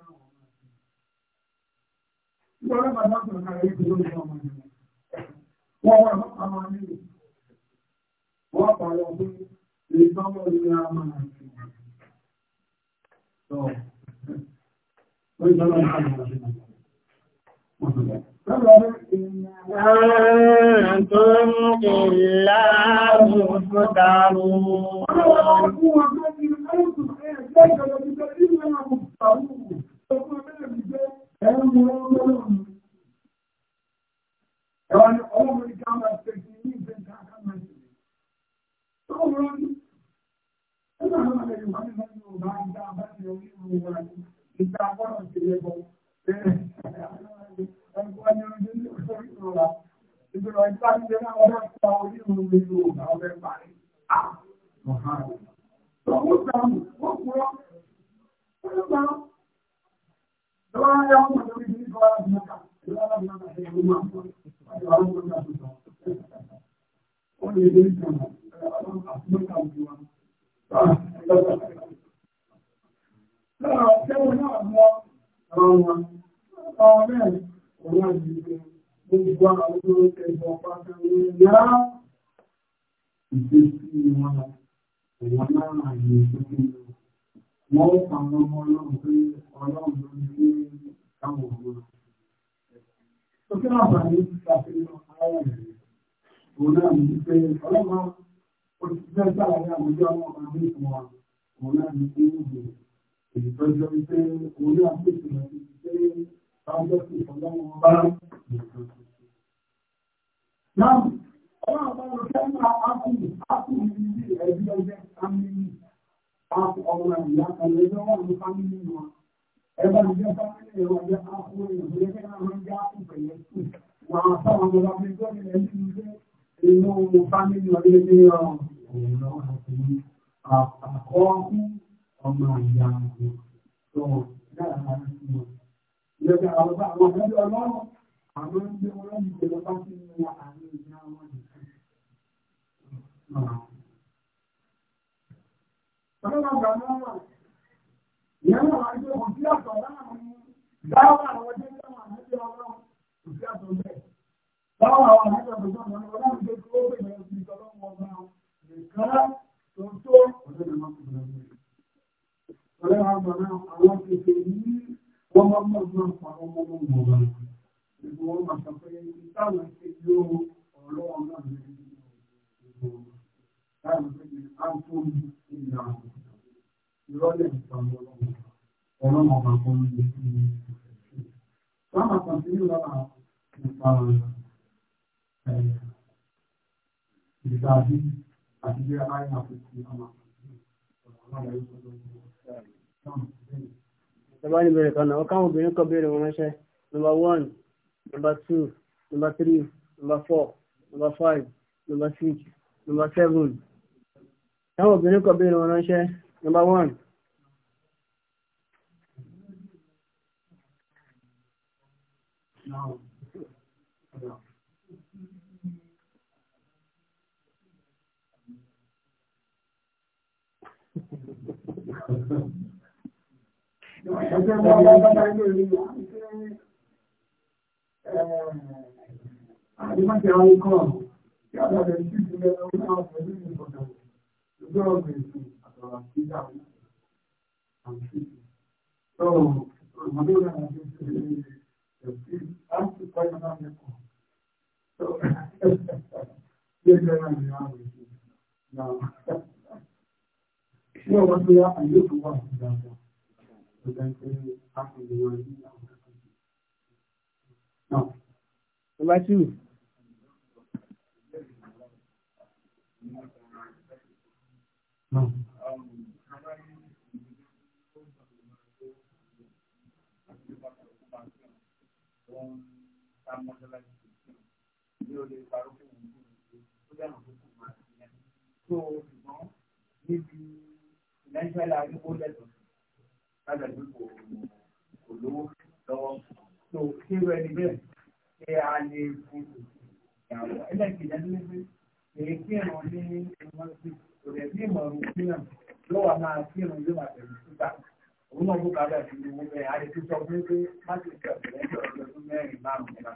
Wọ́n wọ́n àwọn ọmọ nílò. Wọ́n pàlọ́ pé ìgbọ́mọ̀ ní a máa ṣe. Sọ, ó ìjọba ní àwọn ọmọ nílò. Ọ̀tọ̀ ìbéèrè kan náà káwọn obìnrin kọ béèrè wọn ránṣẹ́ number one number two number three number four number five number six number seven káwọn obìnrin kọ béèrè wọn ránṣẹ́ number one. Thank <laughs> you. Àdímọ́tẹ̀ àwọn ikọ̀ yàtọ̀ rẹ̀ sí ìpínlẹ̀ ọdún àwọn pẹ̀lú ìpọ̀tà ìjọ́ ọ̀gbìn ìsìn àtọ̀rọ̀ àti ìdáwó àti ìsìn. Tọ́rọ̀ ọmọdé rẹ̀ àti ìsìn ẹ̀sìn láti kọ́ ìmọ̀ náà lẹ́kọ̀ọ́. Tọ́rọ̀ ẹgbẹ̀rẹ̀ àmì àwọn ìsìn náà. Ṣé ọmọdé yá àyè fún wa ìdáwó? Number two. No. So, níbi Nàìjíríà ní ó lẹ́tọ̀ọ́ alàlú kò kò lówó lọ́wọ́ tó kéwọ ẹni bẹ́ẹ̀ ṣé a lè fún ìyàwó ẹlẹ́kìnrin ẹni pé èyí kírun ní ìmọ̀ọ́sí kò lè ní ìmọ̀ọ́rùn kírun yóò wá máa kírun yóò máa tẹ̀lé síta òun náà bùkà bẹ́ẹ̀ fi owó bẹ́ẹ̀ a lè fi sọ fún pé má ti sọ ìrẹ́jọ ọdún mẹ́rin márùn-ún mẹ́ta ó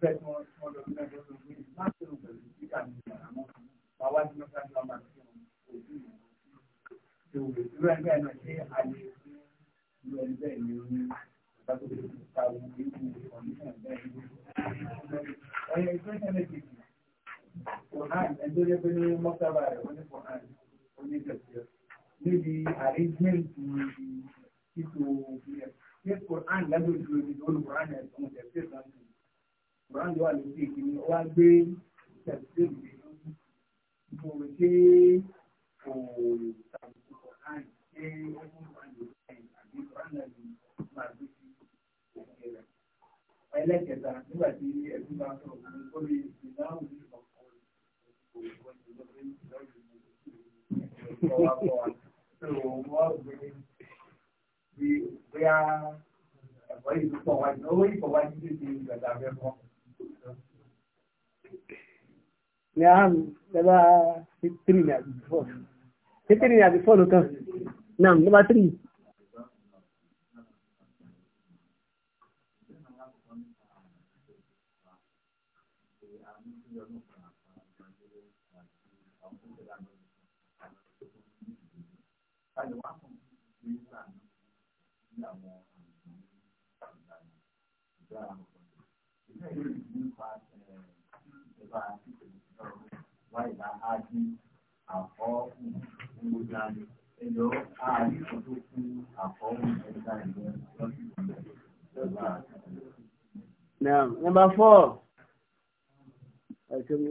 fẹ́ tí wọ́n tún ọdún mẹ́rin tó ń gbé má kírun pẹ̀lú síta ní ìyàwó bàbá tí wọ́n fẹ́ tí wọ́n máa kírun òbí ìlú ìwé ìrẹ́gbẹ́ náà ṣe àlè Quran ẹjọ́ yẹ pé ní mọ́sábà rẹ̀ wọ́n ní Quran oníkẹ̀kẹ́ níbi àrígbẹ́ǹtì títò ìpínlẹ̀. Ní Quran lábẹ́ òjò ní olùkọ́ran ẹ̀ tó ń tẹ̀sí ìsáǹtì. Quran ló wà lókè ìkíní, ó wá gbé tẹ̀sí ìgbé lójú. Mo ẹlẹ́kẹta nígbà tí ẹbí bá sọ̀rọ̀ fún mi lórí ìdáhùn ní ọ̀pọ̀ òṣùwọ̀n ìlọ́gbẹ́ ìlọ́gbẹ́ ọ̀wá bọ̀ wá tó wọ́n gbé bí bóyá ẹ̀kọ́ ìfọwájú owó ìfọwájú tó ti gbàgbà fẹ́ kọ́. Ní àhàn lẹ́bà tírì ní àbí fọ́ọ̀nù. Títírì ní àbí fọ́ọ̀nù kan. Náà lẹ́bà tírì. Now, Number four. Ẹ̀jọ̀ mi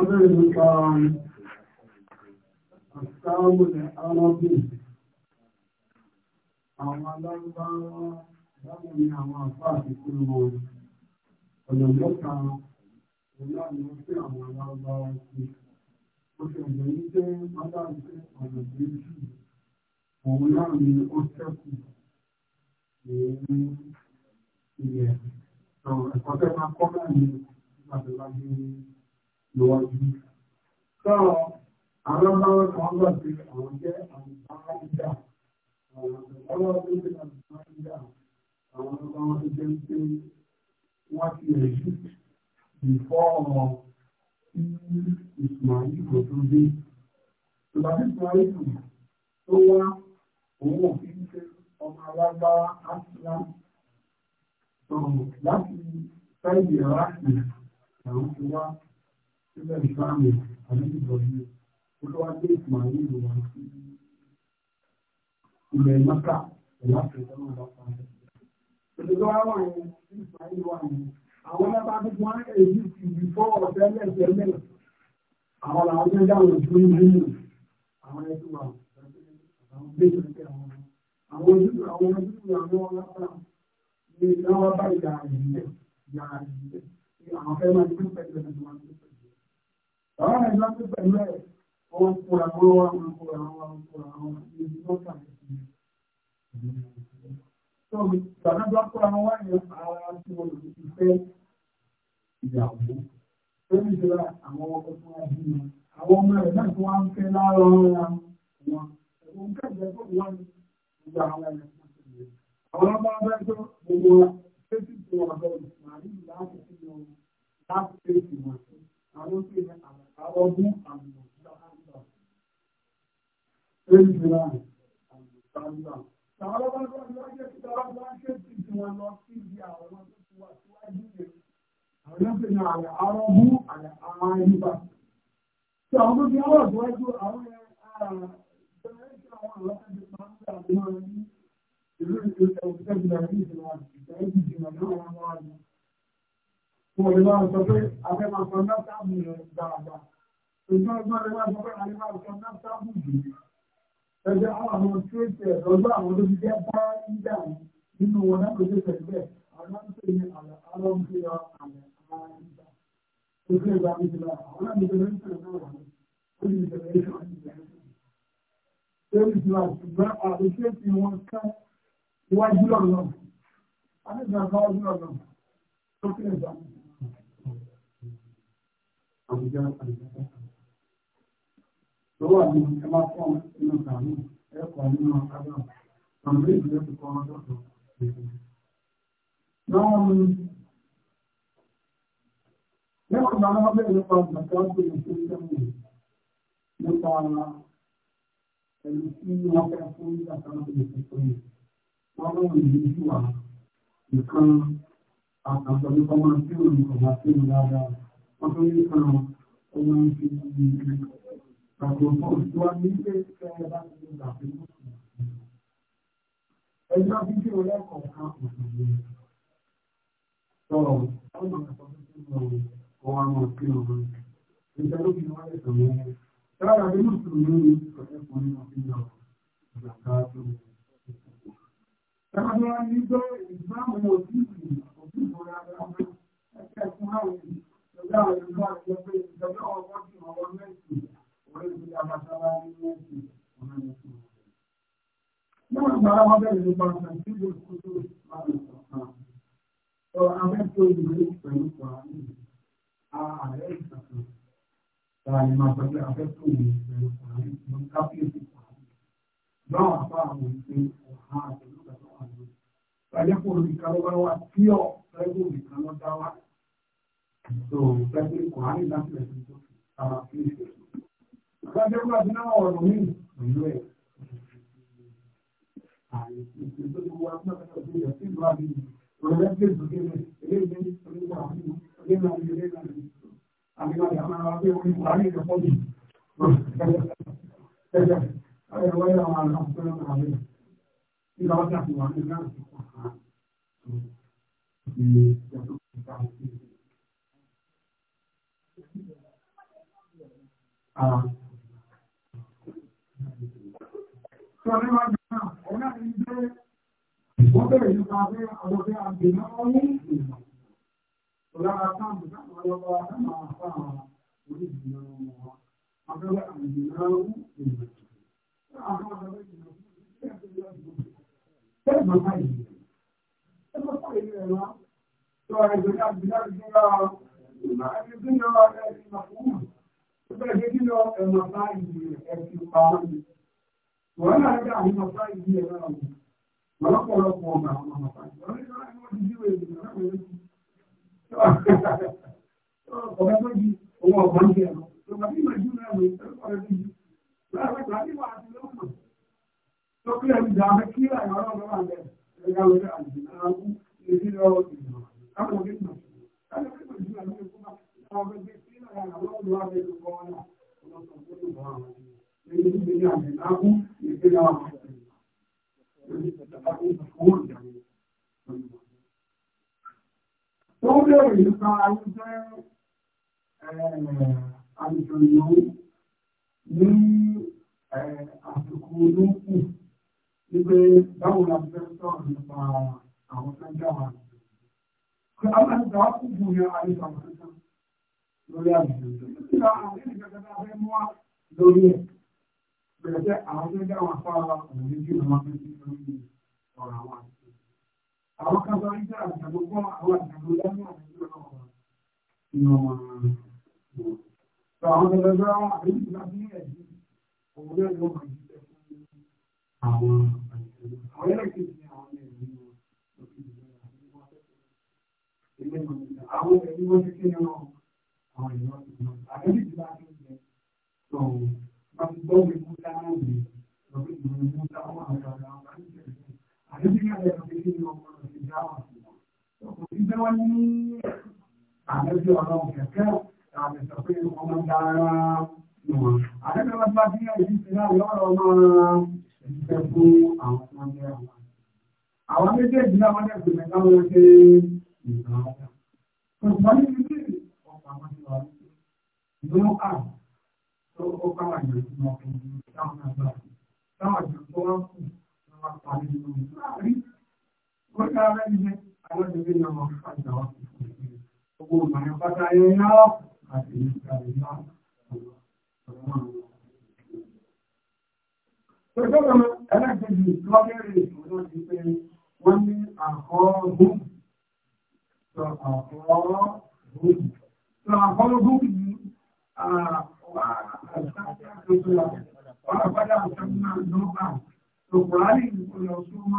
Ọdún nípa àṣàwò ní Arábì, àwọn alárúbáwọ́ láwọn ní àwọn àfáà ti kú wọn. Ọ̀nà mọ́ta ọ̀nà ni wọ́n sí àwọn alárúbáwọ́ sí. Ó ṣe ọ̀nà yìí jẹ́ ni ó lọ́wọ́jú. Sọ àwọn báwọn kan lọ sí àwọn jẹ́ àwọn báwọn ìjà. Àwọn ọlọ́wọ́ tó ṣe àwọn báwọn ìjà. Àwọn báwọn tó jẹ́ pé wọ́n ti rẹ̀ sí ìfọ́ ọmọ tí ìsìnmáyé kò tó dé. Ìbàdí ìsìnmáyé kù tó wá òun láti fẹ́ ìyẹ̀rá ìlú àwọn ti wá síbẹ̀ ní fáàmù àdébìbọ̀lì ó ló wá dé ìsìmáyé ìlú wa sí ilẹ̀ mọ́tà ìlà àfẹ́sẹ́ náà bá pa ẹ̀. èdè tó wá wà yẹn sí ìsìmáyé ìlú wa yẹn àwọn ẹgbẹ́ tó fún wọn èyí ti bí fọ́ ọ̀sẹ̀ lẹ́sẹ̀lẹ̀ àwọn làwọn tó ń dáhùn tó ń rí nù àwọn ẹgbẹ́ wa àwọn gbé ìgbẹ́ àwọn àwọn ojúlù àwọn ojúlù àwọn ọlọ́pàá ní ìdáwọ́ bá ìyá ìyẹ́ ìyá ìyẹ́ àwọn fẹ́ máa ń gbé pẹ̀lú ẹgbẹ́ tó wá sí. Àwọn ẹ̀dá tó pẹ̀lú ẹ̀ wọ́n kúra wọ́n wá wọn kúra wọn wá wọn kúra wọn ní ibi tó kà sí. Tó bàbá bá kúra wọn wá ní ara tí wọn lò ti fẹ́ ìyàwó. Tó ní ìjọba àwọn ọkọ̀ tó wá bí wọn. Àwọn ọmọ rẹ̀ náà tó wá ń fẹ́ láàárọ̀ ọ̀la wọn. Ẹ̀wọ̀n kẹ́kẹ́ tó wọ́n ní gbogbo àwọn ẹ̀rọ tó ti lè. Àwọn ọmọ bá tó gbogbo ṣé tí ìjọba bẹ̀rẹ̀ màrí láti bá sọ pé afẹ́ máa sọ náfàbù rẹ̀ dáadáa. Ṣùgbọ́n ẹgbọ́n rẹ̀ wá sọ pé àlè máa sọ náfàbù jù. Ẹgbẹ́ àwọn àwọn tí ó ti ẹ̀rọ gbọ́ àwọn tó ti jẹ́ bá ń dà nínú wọn náà lóṣù tẹ̀lé àwọn náà ń pè ní àlọ́ ń pè ọ́ àlẹ́ àárín. Ṣé ìgbà ìgbà ìgbà àwọn náà A ní ìgbà kan ọdún lọ́nà. Tó kí ní ìgbà mi àwùjọ àlùjọ. lọ́wọ́ àwọn ẹ máa fọ́ nínú sàánù ẹ̀kọ́ nínú kábà àmì ìdílé ti kọ́ lọ́dọ̀ Náà ni lẹ́kọ̀ọ́ máa ń bẹ̀rẹ̀ nípa gbàgbọ́ ìṣẹ́yẹ́ mi nípa ẹni tí wọ́n fẹ́ fún àtàwọn ìṣẹ́yẹ́ mi. Wọ́n lọ́wọ́ ìdíjú wa nìkan àtàwọn ìṣẹ́yẹ́ mi kò máa ń fún ìlú dáadáa ọdún nìkan ọmọ ìfi àgbọ̀fọ́ tó wá ní pé kẹrẹ bá ti lè gbà pé ó sì ẹjọ́ fídíò lẹ́kọ̀ọ̀kan òṣèlú sọ̀rọ̀ ọmọ ẹ̀kọ́ tó ti lọ ọwọ́ àwọn òfin ọ̀rọ̀ ìjọba ló fi wáyé sọ̀rọ̀ ẹ̀ lára bí mùsùlùmí ní ọ̀sẹ̀kùn ní ọ̀fin lọ ìgbàgbá tó lọ. Tàbí wọn ní gbọ́ ìgbàmù òtítì òtítì ìbora ẹgbẹ́ fún àwọn ènìyàn. Náà gbàrá wọ́n bẹ̀rẹ̀ nípa ọ̀sán tí ó kú tó máa ń sọ̀kan. Sọ abẹ́tò ìwé pẹ̀lú Kùránì, ààrẹ ìsàkùn. Tàà ni máa pẹ̀lú abẹ́tò ìwé pẹ̀lú Kùránì, ló ń kápíyèsí Kùránì. Náà àpá àwọn ìpè ọ̀há àti olùgbàlọ́wà ló. Bàjẹ́ kò rí kan ló bá wà tí ọ̀ fẹ́ kò rí kan ló dá wà. So pẹ̀lú Kùránì láti rẹ̀ tó kàmá sí ìṣẹ́. Ìgbàjọ́ bá ti náà ọ̀rọ̀ mí pẹ̀lú ẹ̀. Ààrẹ ti ṣe tó ti wá fún ọ̀sẹ̀ tó yẹ sí ìlú àbí ìrọ̀lẹ́ tó ti kéde eléyìí ní onígbà àbí eléyìí náà ní eléyìí náà ní. Àbí wà ní àwọn ará pé orí Kùránì rẹ̀ pọ̀ jù. Ẹ̀jẹ̀ ẹ̀jẹ̀ wọ́n yẹ àwọn àlọ́ àkọ́kọ́ náà rẹ̀. Ìgbà wọ́n ti àfihàn ní náà ti kọ̀ Wọ́n bẹ̀rẹ̀ nípa pé àwọn ọ̀fẹ́ àgbẹ̀mọ́ ọmọ ìgbìmọ̀. Ọlára táàmù táàmù ọlọ́wọ́ àtàmà àfáà orílẹ̀-èdè ọmọ wọn. Abẹ́wẹ́ àgbẹ̀mọ́ ọmọ ìgbìmọ̀. Àwọn ọ̀fẹ́ ìgbìmọ̀ Bẹ́ẹ̀ máa bá ìlú. Ẹ máa bá ìlú ẹ̀rọ. Lọ́ra ìgbẹ̀rẹ̀ àgbẹ̀mọ́ ìgbìmọ̀. Ìgbà ẹgbẹ̀rẹ̀ gbàgbé nínú ẹ̀mọ̀ bá ìlú ẹ̀sìn pamọ́ ni. Wọ́n náà ń gbà àwọn ọmọ bá ìlú ẹ̀rọ Tó bẹ̀rẹ̀ nípa àwùjọ àwùjọ ìlú ní àsìkò olóòkù wípé báwo la fẹ́ sọ̀rọ̀ nípa àwọn sẹ́ńtà wà. Kí a máa ń gbà á kúrò ní àyíká àwọn sẹ́ńtà lórí àwọn àwọn kan sọ nígbà àgbàdo àwọn àgbàdo lẹ́nu àwọn ìlú àwọn èèyàn ti lọ àbẹ́bí ti bá ti ń jẹ tó máa ń gbọ́ mi mú dáná mi lórí ìlú mú dáná àwọn ọ̀dọ́ àwọn bá ń jẹ̀lé àbẹ́bí ní àbẹ́bí ti ní ọmọ rẹ̀ ti dáwà sí wọn. kò sí pé wọ́n ní àbẹ́bí ọ̀rọ̀ kẹ̀kẹ́ àbẹ̀ sọ pé wọ́n máa ń dára wọn. àbẹ́bí wọn bá bí ẹ̀yìn ti náà lọ́rọ̀ máa ń fẹ́ fún àwọn ọmọdé àwọn. àwọn méjèèjì náà wọ́n dẹ̀ pamọ́ wọ́n ní àkọ́ ọ̀hún. Sọ àkọ́ ọ̀hún. فأخذهم ولقد أرسلنا نوحا لقرآن يصوم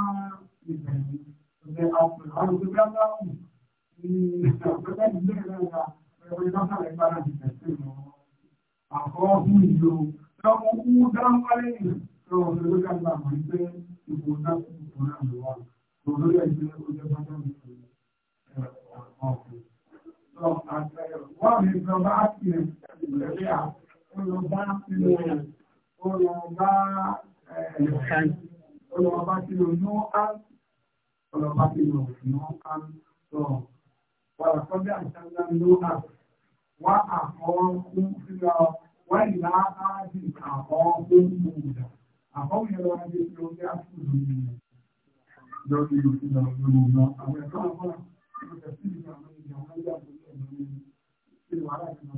بذنبه فأخذ بالله Àkọ́kù ìlú lọ́mọ kú dáhùn wálé lọ́wọ́ lórí kàgbà mọ̀ ní pé ìbò náà kú ìbò náà lọ́wọ́. Lọ́wọ́ lórí ẹgbẹ́ ó jẹ́ bá dáhùn ìlú ọ̀pọ̀. Lọ́wọ́ àti ẹ̀yọ́ wọ́n lè sọ bá sí ìrẹ̀lẹ́ à olùbá sínú olùbá olùbá sínú ní á olùbá sínú ní á sọ wọ́n lọ sọ́jà ìṣẹ́lẹ̀ ní á wọ́n àfọwọ́kú sílọ wọ́n ìlà áàdì àfọwọ́kú kùdà àfọwọ́ yẹn lọ́wọ́ adé Náà, náà fẹ́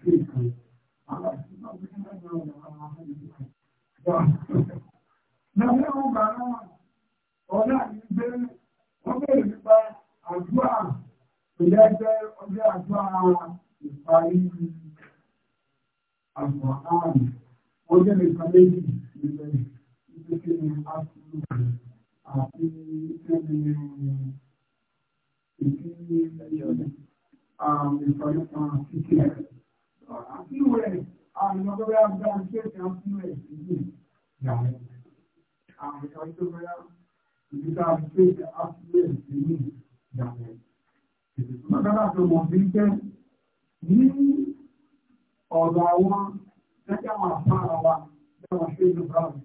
sí ìkan. Àwọn ìṣúná bí wọ́n ń lọ àwọn ọmọ ìlú. Náà lẹ́wọ̀n gbà náà, ọ̀nà ìgbé, wọ́n bèèrè nípa àdúrà, ìyá jẹ́ ọjọ́ àdúrà ìparí àgbọ̀n ààrùn. Wọ́n jẹ́ nìkan méjì nílẹ̀ ìgbésẹ̀ ni a ti lò àti ẹni ìdí ẹ̀yọ̀dẹ̀ ìfọ̀lẹ́pọ̀ kíkẹ́ àti rẹ̀ àìmọ́gbẹ́rẹ́ agbára iṣẹ́ kan fún rẹ̀ ìdí ìyàwó àwọn ìfọ̀lẹ́pọ̀ ìdíkà iṣẹ́ àfúrẹ̀ ìdí ìyàwó Mọ́tàlá tó mọ̀ sí pé ní ọ̀rọ̀ àwọn tẹ́kẹ́ àwọn àfáà wa, tẹ́kẹ́ àwọn ṣe ìlú Brazil.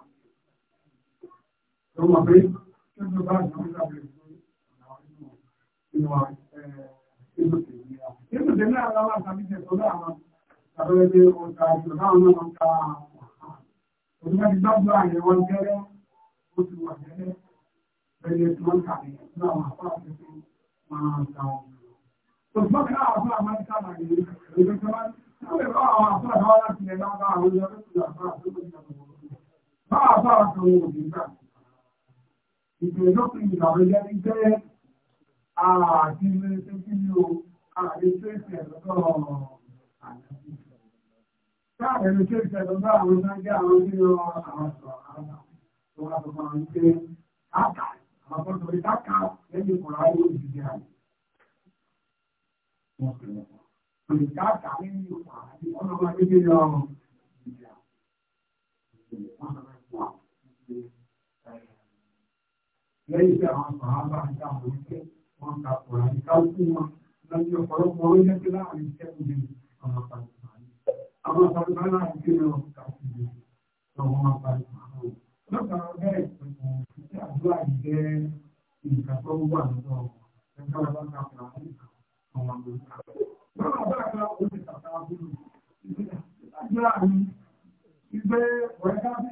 tó mọ̀ pé tó tó bá ìjọba ìjọba ìjọba ìjọba ìjọba Nínú ìdílé aláwọ̀ tàbí ṣe tó láwọn àbẹ̀rẹ̀ ọ̀tà ìjọba àwọn ọmọ ọ̀tà òṣìṣẹ́ ti gbọ́dọ̀ àyẹ̀wò jẹ́rẹ́ ó ti wà jẹ́rẹ́ pẹ̀lú ètò ọ̀tà ní àwọn àpá àti máa ń ta ọ̀hún. Òṣìṣẹ́ kí àwọn àpá àmọ́ ti sábà ní ìlú tó wá ní àwọn àpá àti àwọn láti ẹ̀ láwọn àwọn ọ̀dọ́ tó ti àpá àti ó ti àpá àti òun òbí ìgbèròpin ìgbàlódé ti jẹ́ àti ilé-iṣẹ́ tí ó àìṣẹ́ ìṣẹ̀lọ́gbọ̀ àti Táàrẹ̀ ilé-iṣẹ́ ìṣẹ̀lọ́gbọ̀ àwọn ìṣẹ́jẹ́ àwọn tí ó àwọn sọ̀rọ̀ àwọn àwọn àtọ̀kọ̀ àwọn ìṣẹ́ àkà àwọn àtọ̀kọ̀ ìṣàkà lẹ́yìn ìkọ̀rọ̀ àwọn òṣìṣẹ́ àti. Wọ́n pẹ̀lú. Òṣìṣẹ́ àkà lẹ́yìn ìkọ̀rọ̀ àti ọlọ́gbà lẹ́yìn tí àwọn sàhábà ń dá àwọn wípé wọ́n ka kọ̀ọ̀rọ̀ àyíká fún wọn lọ́jọ́ ọ̀pọ̀lọpọ̀ ó jẹ́ láàrin sẹ́kùn ní àwọn pàṣípààrọ̀ àwọn pàṣípààrọ̀ láàrin kí ló kà sí i lọ́wọ́ pàṣípààrọ̀ lọ́kàrà bẹ́ẹ̀ pẹ̀lú títí àdúrà yìí jẹ́ nǹkan tó wà lọ́dọ̀ ẹgbẹ́ ọlọ́run kàkùrà àyíká àwọn àgbẹ̀ká. lọ́kàrà bẹ́ẹ̀ wọ́n ti kàkà fún mi àdúrà mi ìgbé ọ̀rẹ́ká bí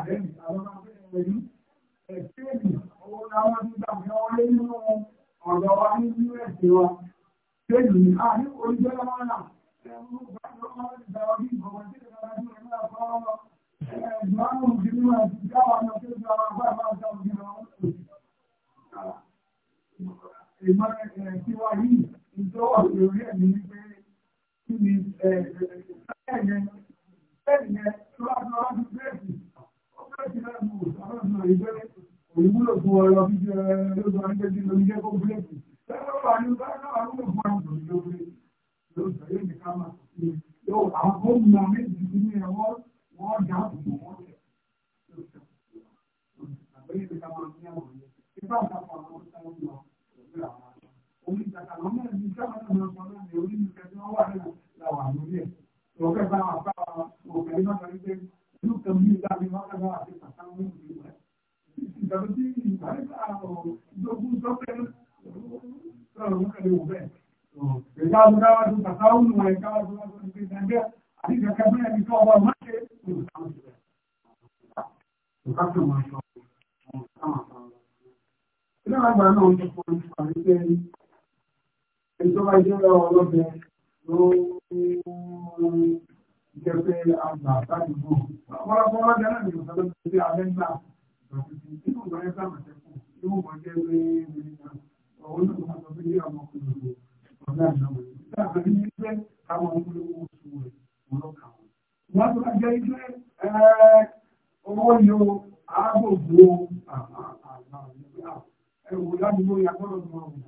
àrẹ́mì àwọn pẹ̀lú ẹ̀sẹ̀ẹ̀dì owó láwọn nígbà tí wọ́n lé nínú ọ̀dọ̀ wa ní us wa pẹ̀lú ní àárín oríṣẹ́ lọ́wọ́ náà ẹ̀rù bá lọ́wọ́ ìgbà wọn bí ìgbọ̀wọ́ sí ìgbà tí wọ́n lọ́wọ́ fọ́ ẹ̀gbọ́n àwọn òṣèlú àti ìjáwà Òyìnbúlò fún ọ̀rọ̀ bí jẹ́ lóṣù àjẹ́jì lórí jẹ́ kó búrẹ́kì. ní bá náà lóṣù àwọn òṣèlú lórí lóṣù àyè ní ká máa fi yóò àwọn tó ń sí ní ẹwọ́ wọ́n dá àbùkù wọ́n Não também dá me marca agora que está tão muito bem, né? Então tem vai para o do sofrer. Para o que deu bem. Pegar o cara do passado, não é cara do nosso entendimento. Ali já acabou a minha obra mais que o estamos. O caso mais Não, agora não, não pode fazer isso Então vai gerar o lobby. No jẹ́ pé àgbà àtàdúgbò àwọn ọmọ ọjà náà nìyẹn sọ́dọ̀ tó ṣe alẹ́ ńlá nínú ìgbà yẹn sábà ṣẹ́kù nínú ìgbà jẹ́ pé ọ̀hún náà máa sọ pé yé àwọn ọkùnrin ọ̀gá ìnáwó ìgbà àbí ní pé àwọn ọkùnrin oṣù rẹ̀ ọlọ́kà wọn. wọ́n tó bá jẹ́ ilé bu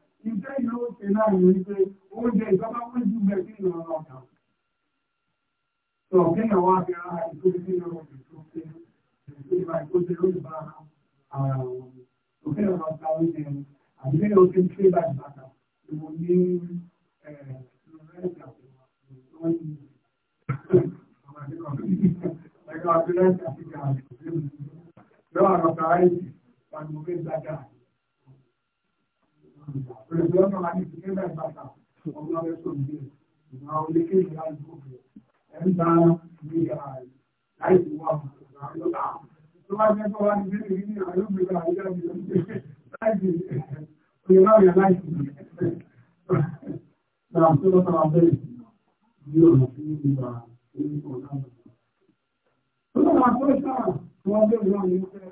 iṣẹ́ yóò ṣe náà ní wípé oúnjẹ ìjọba wọ́n jù bẹ́ẹ̀ sí ìlú ọ̀rọ̀ kan. Sọ kéèyàn wá fi ra ìkóbi sí ìlú ọ̀rọ̀ tó ṣe ìgbà ìkóbi ló bá ara wọn. Òkè ọ̀rọ̀ ta oúnjẹ àbí kéèyàn ó ti ń ṣe bá ìbàdàn ni mo ní ẹ̀ẹ́dẹ̀gbẹ̀rẹ̀ Lọ́wọ́ àrọ̀ta àìsí, wà ní mo fẹ́ gbàgbà. Pero yo no la ni siquiera es bata. Como la vez con Dios. No, le que ir al grupo. Él da mi al. Ahí tú vas. No, no. Tú vas a ver cómo va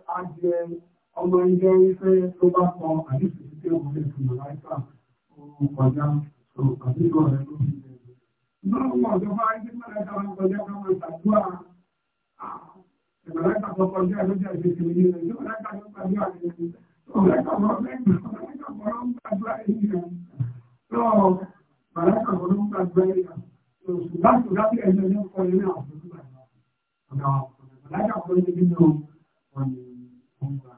a ọmọ ẹgbẹ́ wípé tó bá kọ àdìsí tí ó wọlé fún màláìkà òun kọjá tó àdìgbò rẹ̀ ló fi lè lò. Náà wọ́n tó bá ẹgbẹ́ màláìkà wọn kọjá ká máa tàdúrà. Ìmàláìkà tó kọjá ló jẹ́ ìṣe ti ní ilẹ̀. Ìmàláìkà tó gbàdúrà ní ilẹ̀. Ìmàláìkà tó gbàdúrà ní ilẹ̀. Màláìkà tó gbàdúrà ní ilẹ̀. Ṣùgbọ́n ṣùgbọ́n bí ẹ̀jẹ̀ ní ọkọ̀ ilé àwọn ọ̀dọ́ Màláìkà tó ń gbé nínú ọ̀nà ìgbà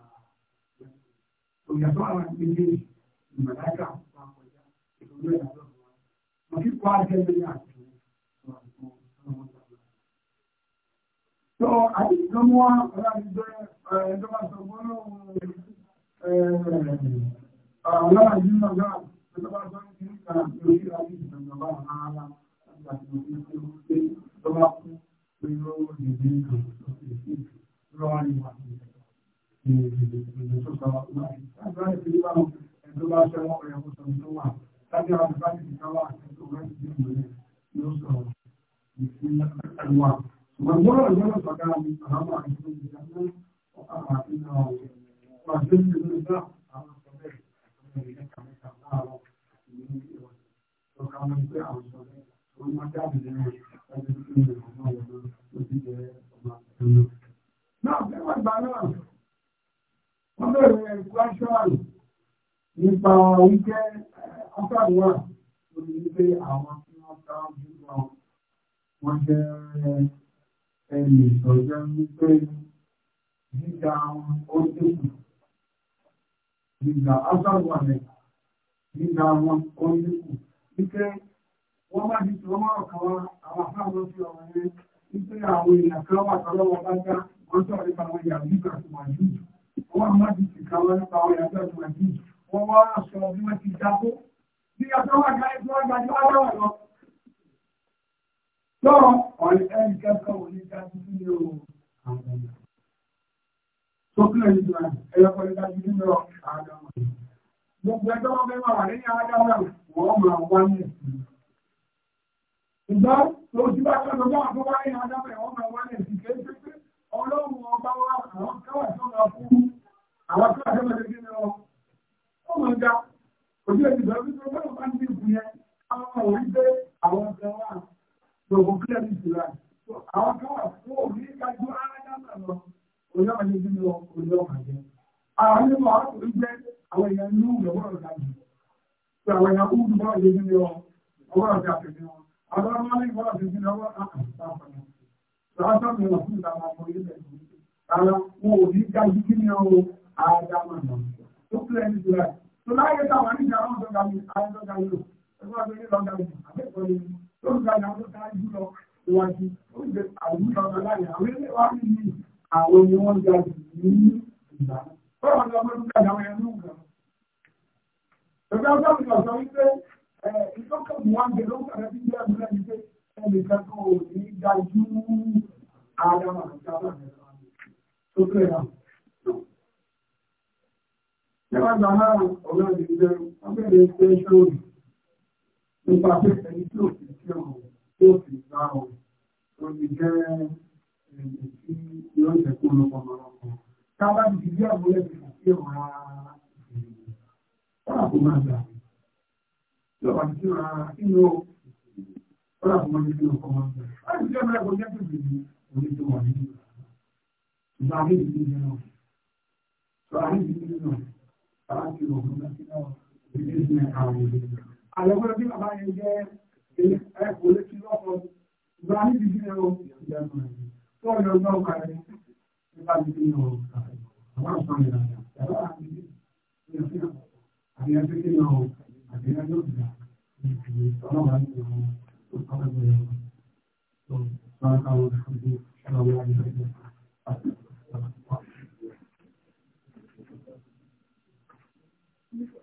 òyàtọ̀ àwọn ilé ìmọ̀láyà wà kọjá ìlú ẹ̀ lọ́wọ́ wọn kí kó àjẹmí àti tó àti ìjọmọ́ wa ọlọ́dẹ ẹ̀ẹ́dọ́gba sọ̀gbọ́n ọlọ́dẹ yìí náà ẹ̀ẹ́dọ́gba sọ̀gbọ́n kì í kà lórí àti ìjọba àhálà àti ìjọba ìjọba kú pé ó lè dé ìjọba ìjọba ìjọba ìrìnàjò sọ láì láti bẹ̀rẹ̀ ìfúláṣọ́ọ̀lù nípa wípé ọ́sàdúwà lórí wípé àwọn tí wọ́n sáájú lọ wọ́n jẹ́ ẹni ìtọ́jọ́ wípé gíga wọn ó dínkù gíga ọ́sàdúwà rẹ̀ gíga wọn ó dínkù wípé wọ́n bá di tìwọ́n mọ́rọ̀ kan wá àwọn afáàmọ́ sí ọ̀rọ̀ yẹn wípé àwọn èèyàn kan wà tọ́lọ́wọ́ bá já wọ́n sọ̀rọ̀ nípa àwọn ìyàwó nígbà tó wà jù jù wọ́n má ti ti kàwọn nípa àwọn ìyàtọ̀ ìmọ̀ sí wọ́n wá aṣọ bí wọ́n ti dákó bí ọjọ́ wà gáyé tí wọ́n gbàjú wá lọ́wọ́ lọ. lọ́rọ̀ ọ̀rẹ́ ẹni kẹ́kọ̀ọ́ wò ní dájú o àwọn ọmọ. sókè ní ìdúrà ẹ̀yọ pẹ̀lú dájú sí ní ọ̀rọ̀ àádámà. gbogbo ẹjọ́ wọn fẹ́ máa wà lẹ́yìn àádámà wọ́n máa wá ní ẹ̀sìn. ṣùgbọ́n lójú bá tọ́jú bá ọlọ́run ọba wa àwọn káwà tó máa kú àwọn káwà tó máa tẹ́gbẹ́ lọ ó máa ga òjú ẹ̀jẹ̀ bẹ̀rẹ̀ wípé bẹ́ẹ̀ bá ń bí ìkù yẹn àwọn ọmọ orí pé àwọn ọ̀gá wa gbogbo kílẹ̀ ní ìtura àwọn káwà fún òní kájú ádámà lọ òní àwọn ẹni bí lọ òní ọmọ àjẹ àwọn ẹni mọ àwọn orí jẹ àwọn èèyàn ní òun lọ́wọ́ ọ̀gá jù pé àwọn èèyàn kúndùn bọ́ọ̀ lé nínú ọwọ́ ọ̀gá tẹ̀lé ọmọ Lọ́jọ́ mi wọ̀n fún ìdámọ̀ ọmọ ilẹ̀ ìlú. Rárá, wọn ò ní dájú kí ni ó àádámà náà. Tó kílẹ̀ ní ìlú rẹ̀. Tó láyé táwọn nígbà àwọn ọ̀dọ́gà mi, àádọ́gà mi, ẹgbẹ́ ọdún ní lọ́gà mi, àbẹ́kọ̀ọ́ ni, tó ń gbà àwọn ọ̀dọ́gà jù lọ níwájú. Ó ń gbé àwùjọ ọ̀dọ́ láyé, àwọn ilé ẹnìkan kan ò ní dájú àdámà ìjábà tó kẹ́ ẹ̀ Nígbà gbà náà ọ̀gá ìgbẹ́ ọgbẹ́rẹ́ ṣe é ṣòro nípa pé ẹni tí ò fi sí ọ̀rọ̀ tí ò fi gbá ọ̀rọ̀ tó lè jẹ́ ẹni tí yóò jẹ́ kó lọ́pọ̀ lọ́pọ̀. Ká bá ti bí àmúlẹ̀ ti fi sí ọ̀rọ̀ rárá ìgbìyànjú. Wọ́n àpò máa gbà. Lọ́pàá ti rárá kí ni ó Ọlá fún wọn ní kí ọkọ̀ wọn bẹ̀rẹ̀. Láti ṣe ọmọ ẹgbẹ̀rún jẹ́ tìbí ní orí tó wà nínú. Ìgbà àmì ìdílé jẹ́ náà. Sọ àmì ìdílé náà. Bàbá ti rọ̀ fún láti náà. Ìdílé ti ní àwọn ìdílé. Àlọ́gbọ́n bí bàbá yẹn jẹ́ ẹ̀kọ́ létí lọ́kọ̀. Ìgbà àmì ìdílé náà ìyá náà. Tó ọ̀nà náà kàrẹ́ nípa ìdílé náà. Àwọn àṣọ ìlànà. Yàrá àmì ìdílé. Àbíyá سبحانك اللهم سبحانك اللهم وبحمدك اشهد ان لا اله الا انت استغفرك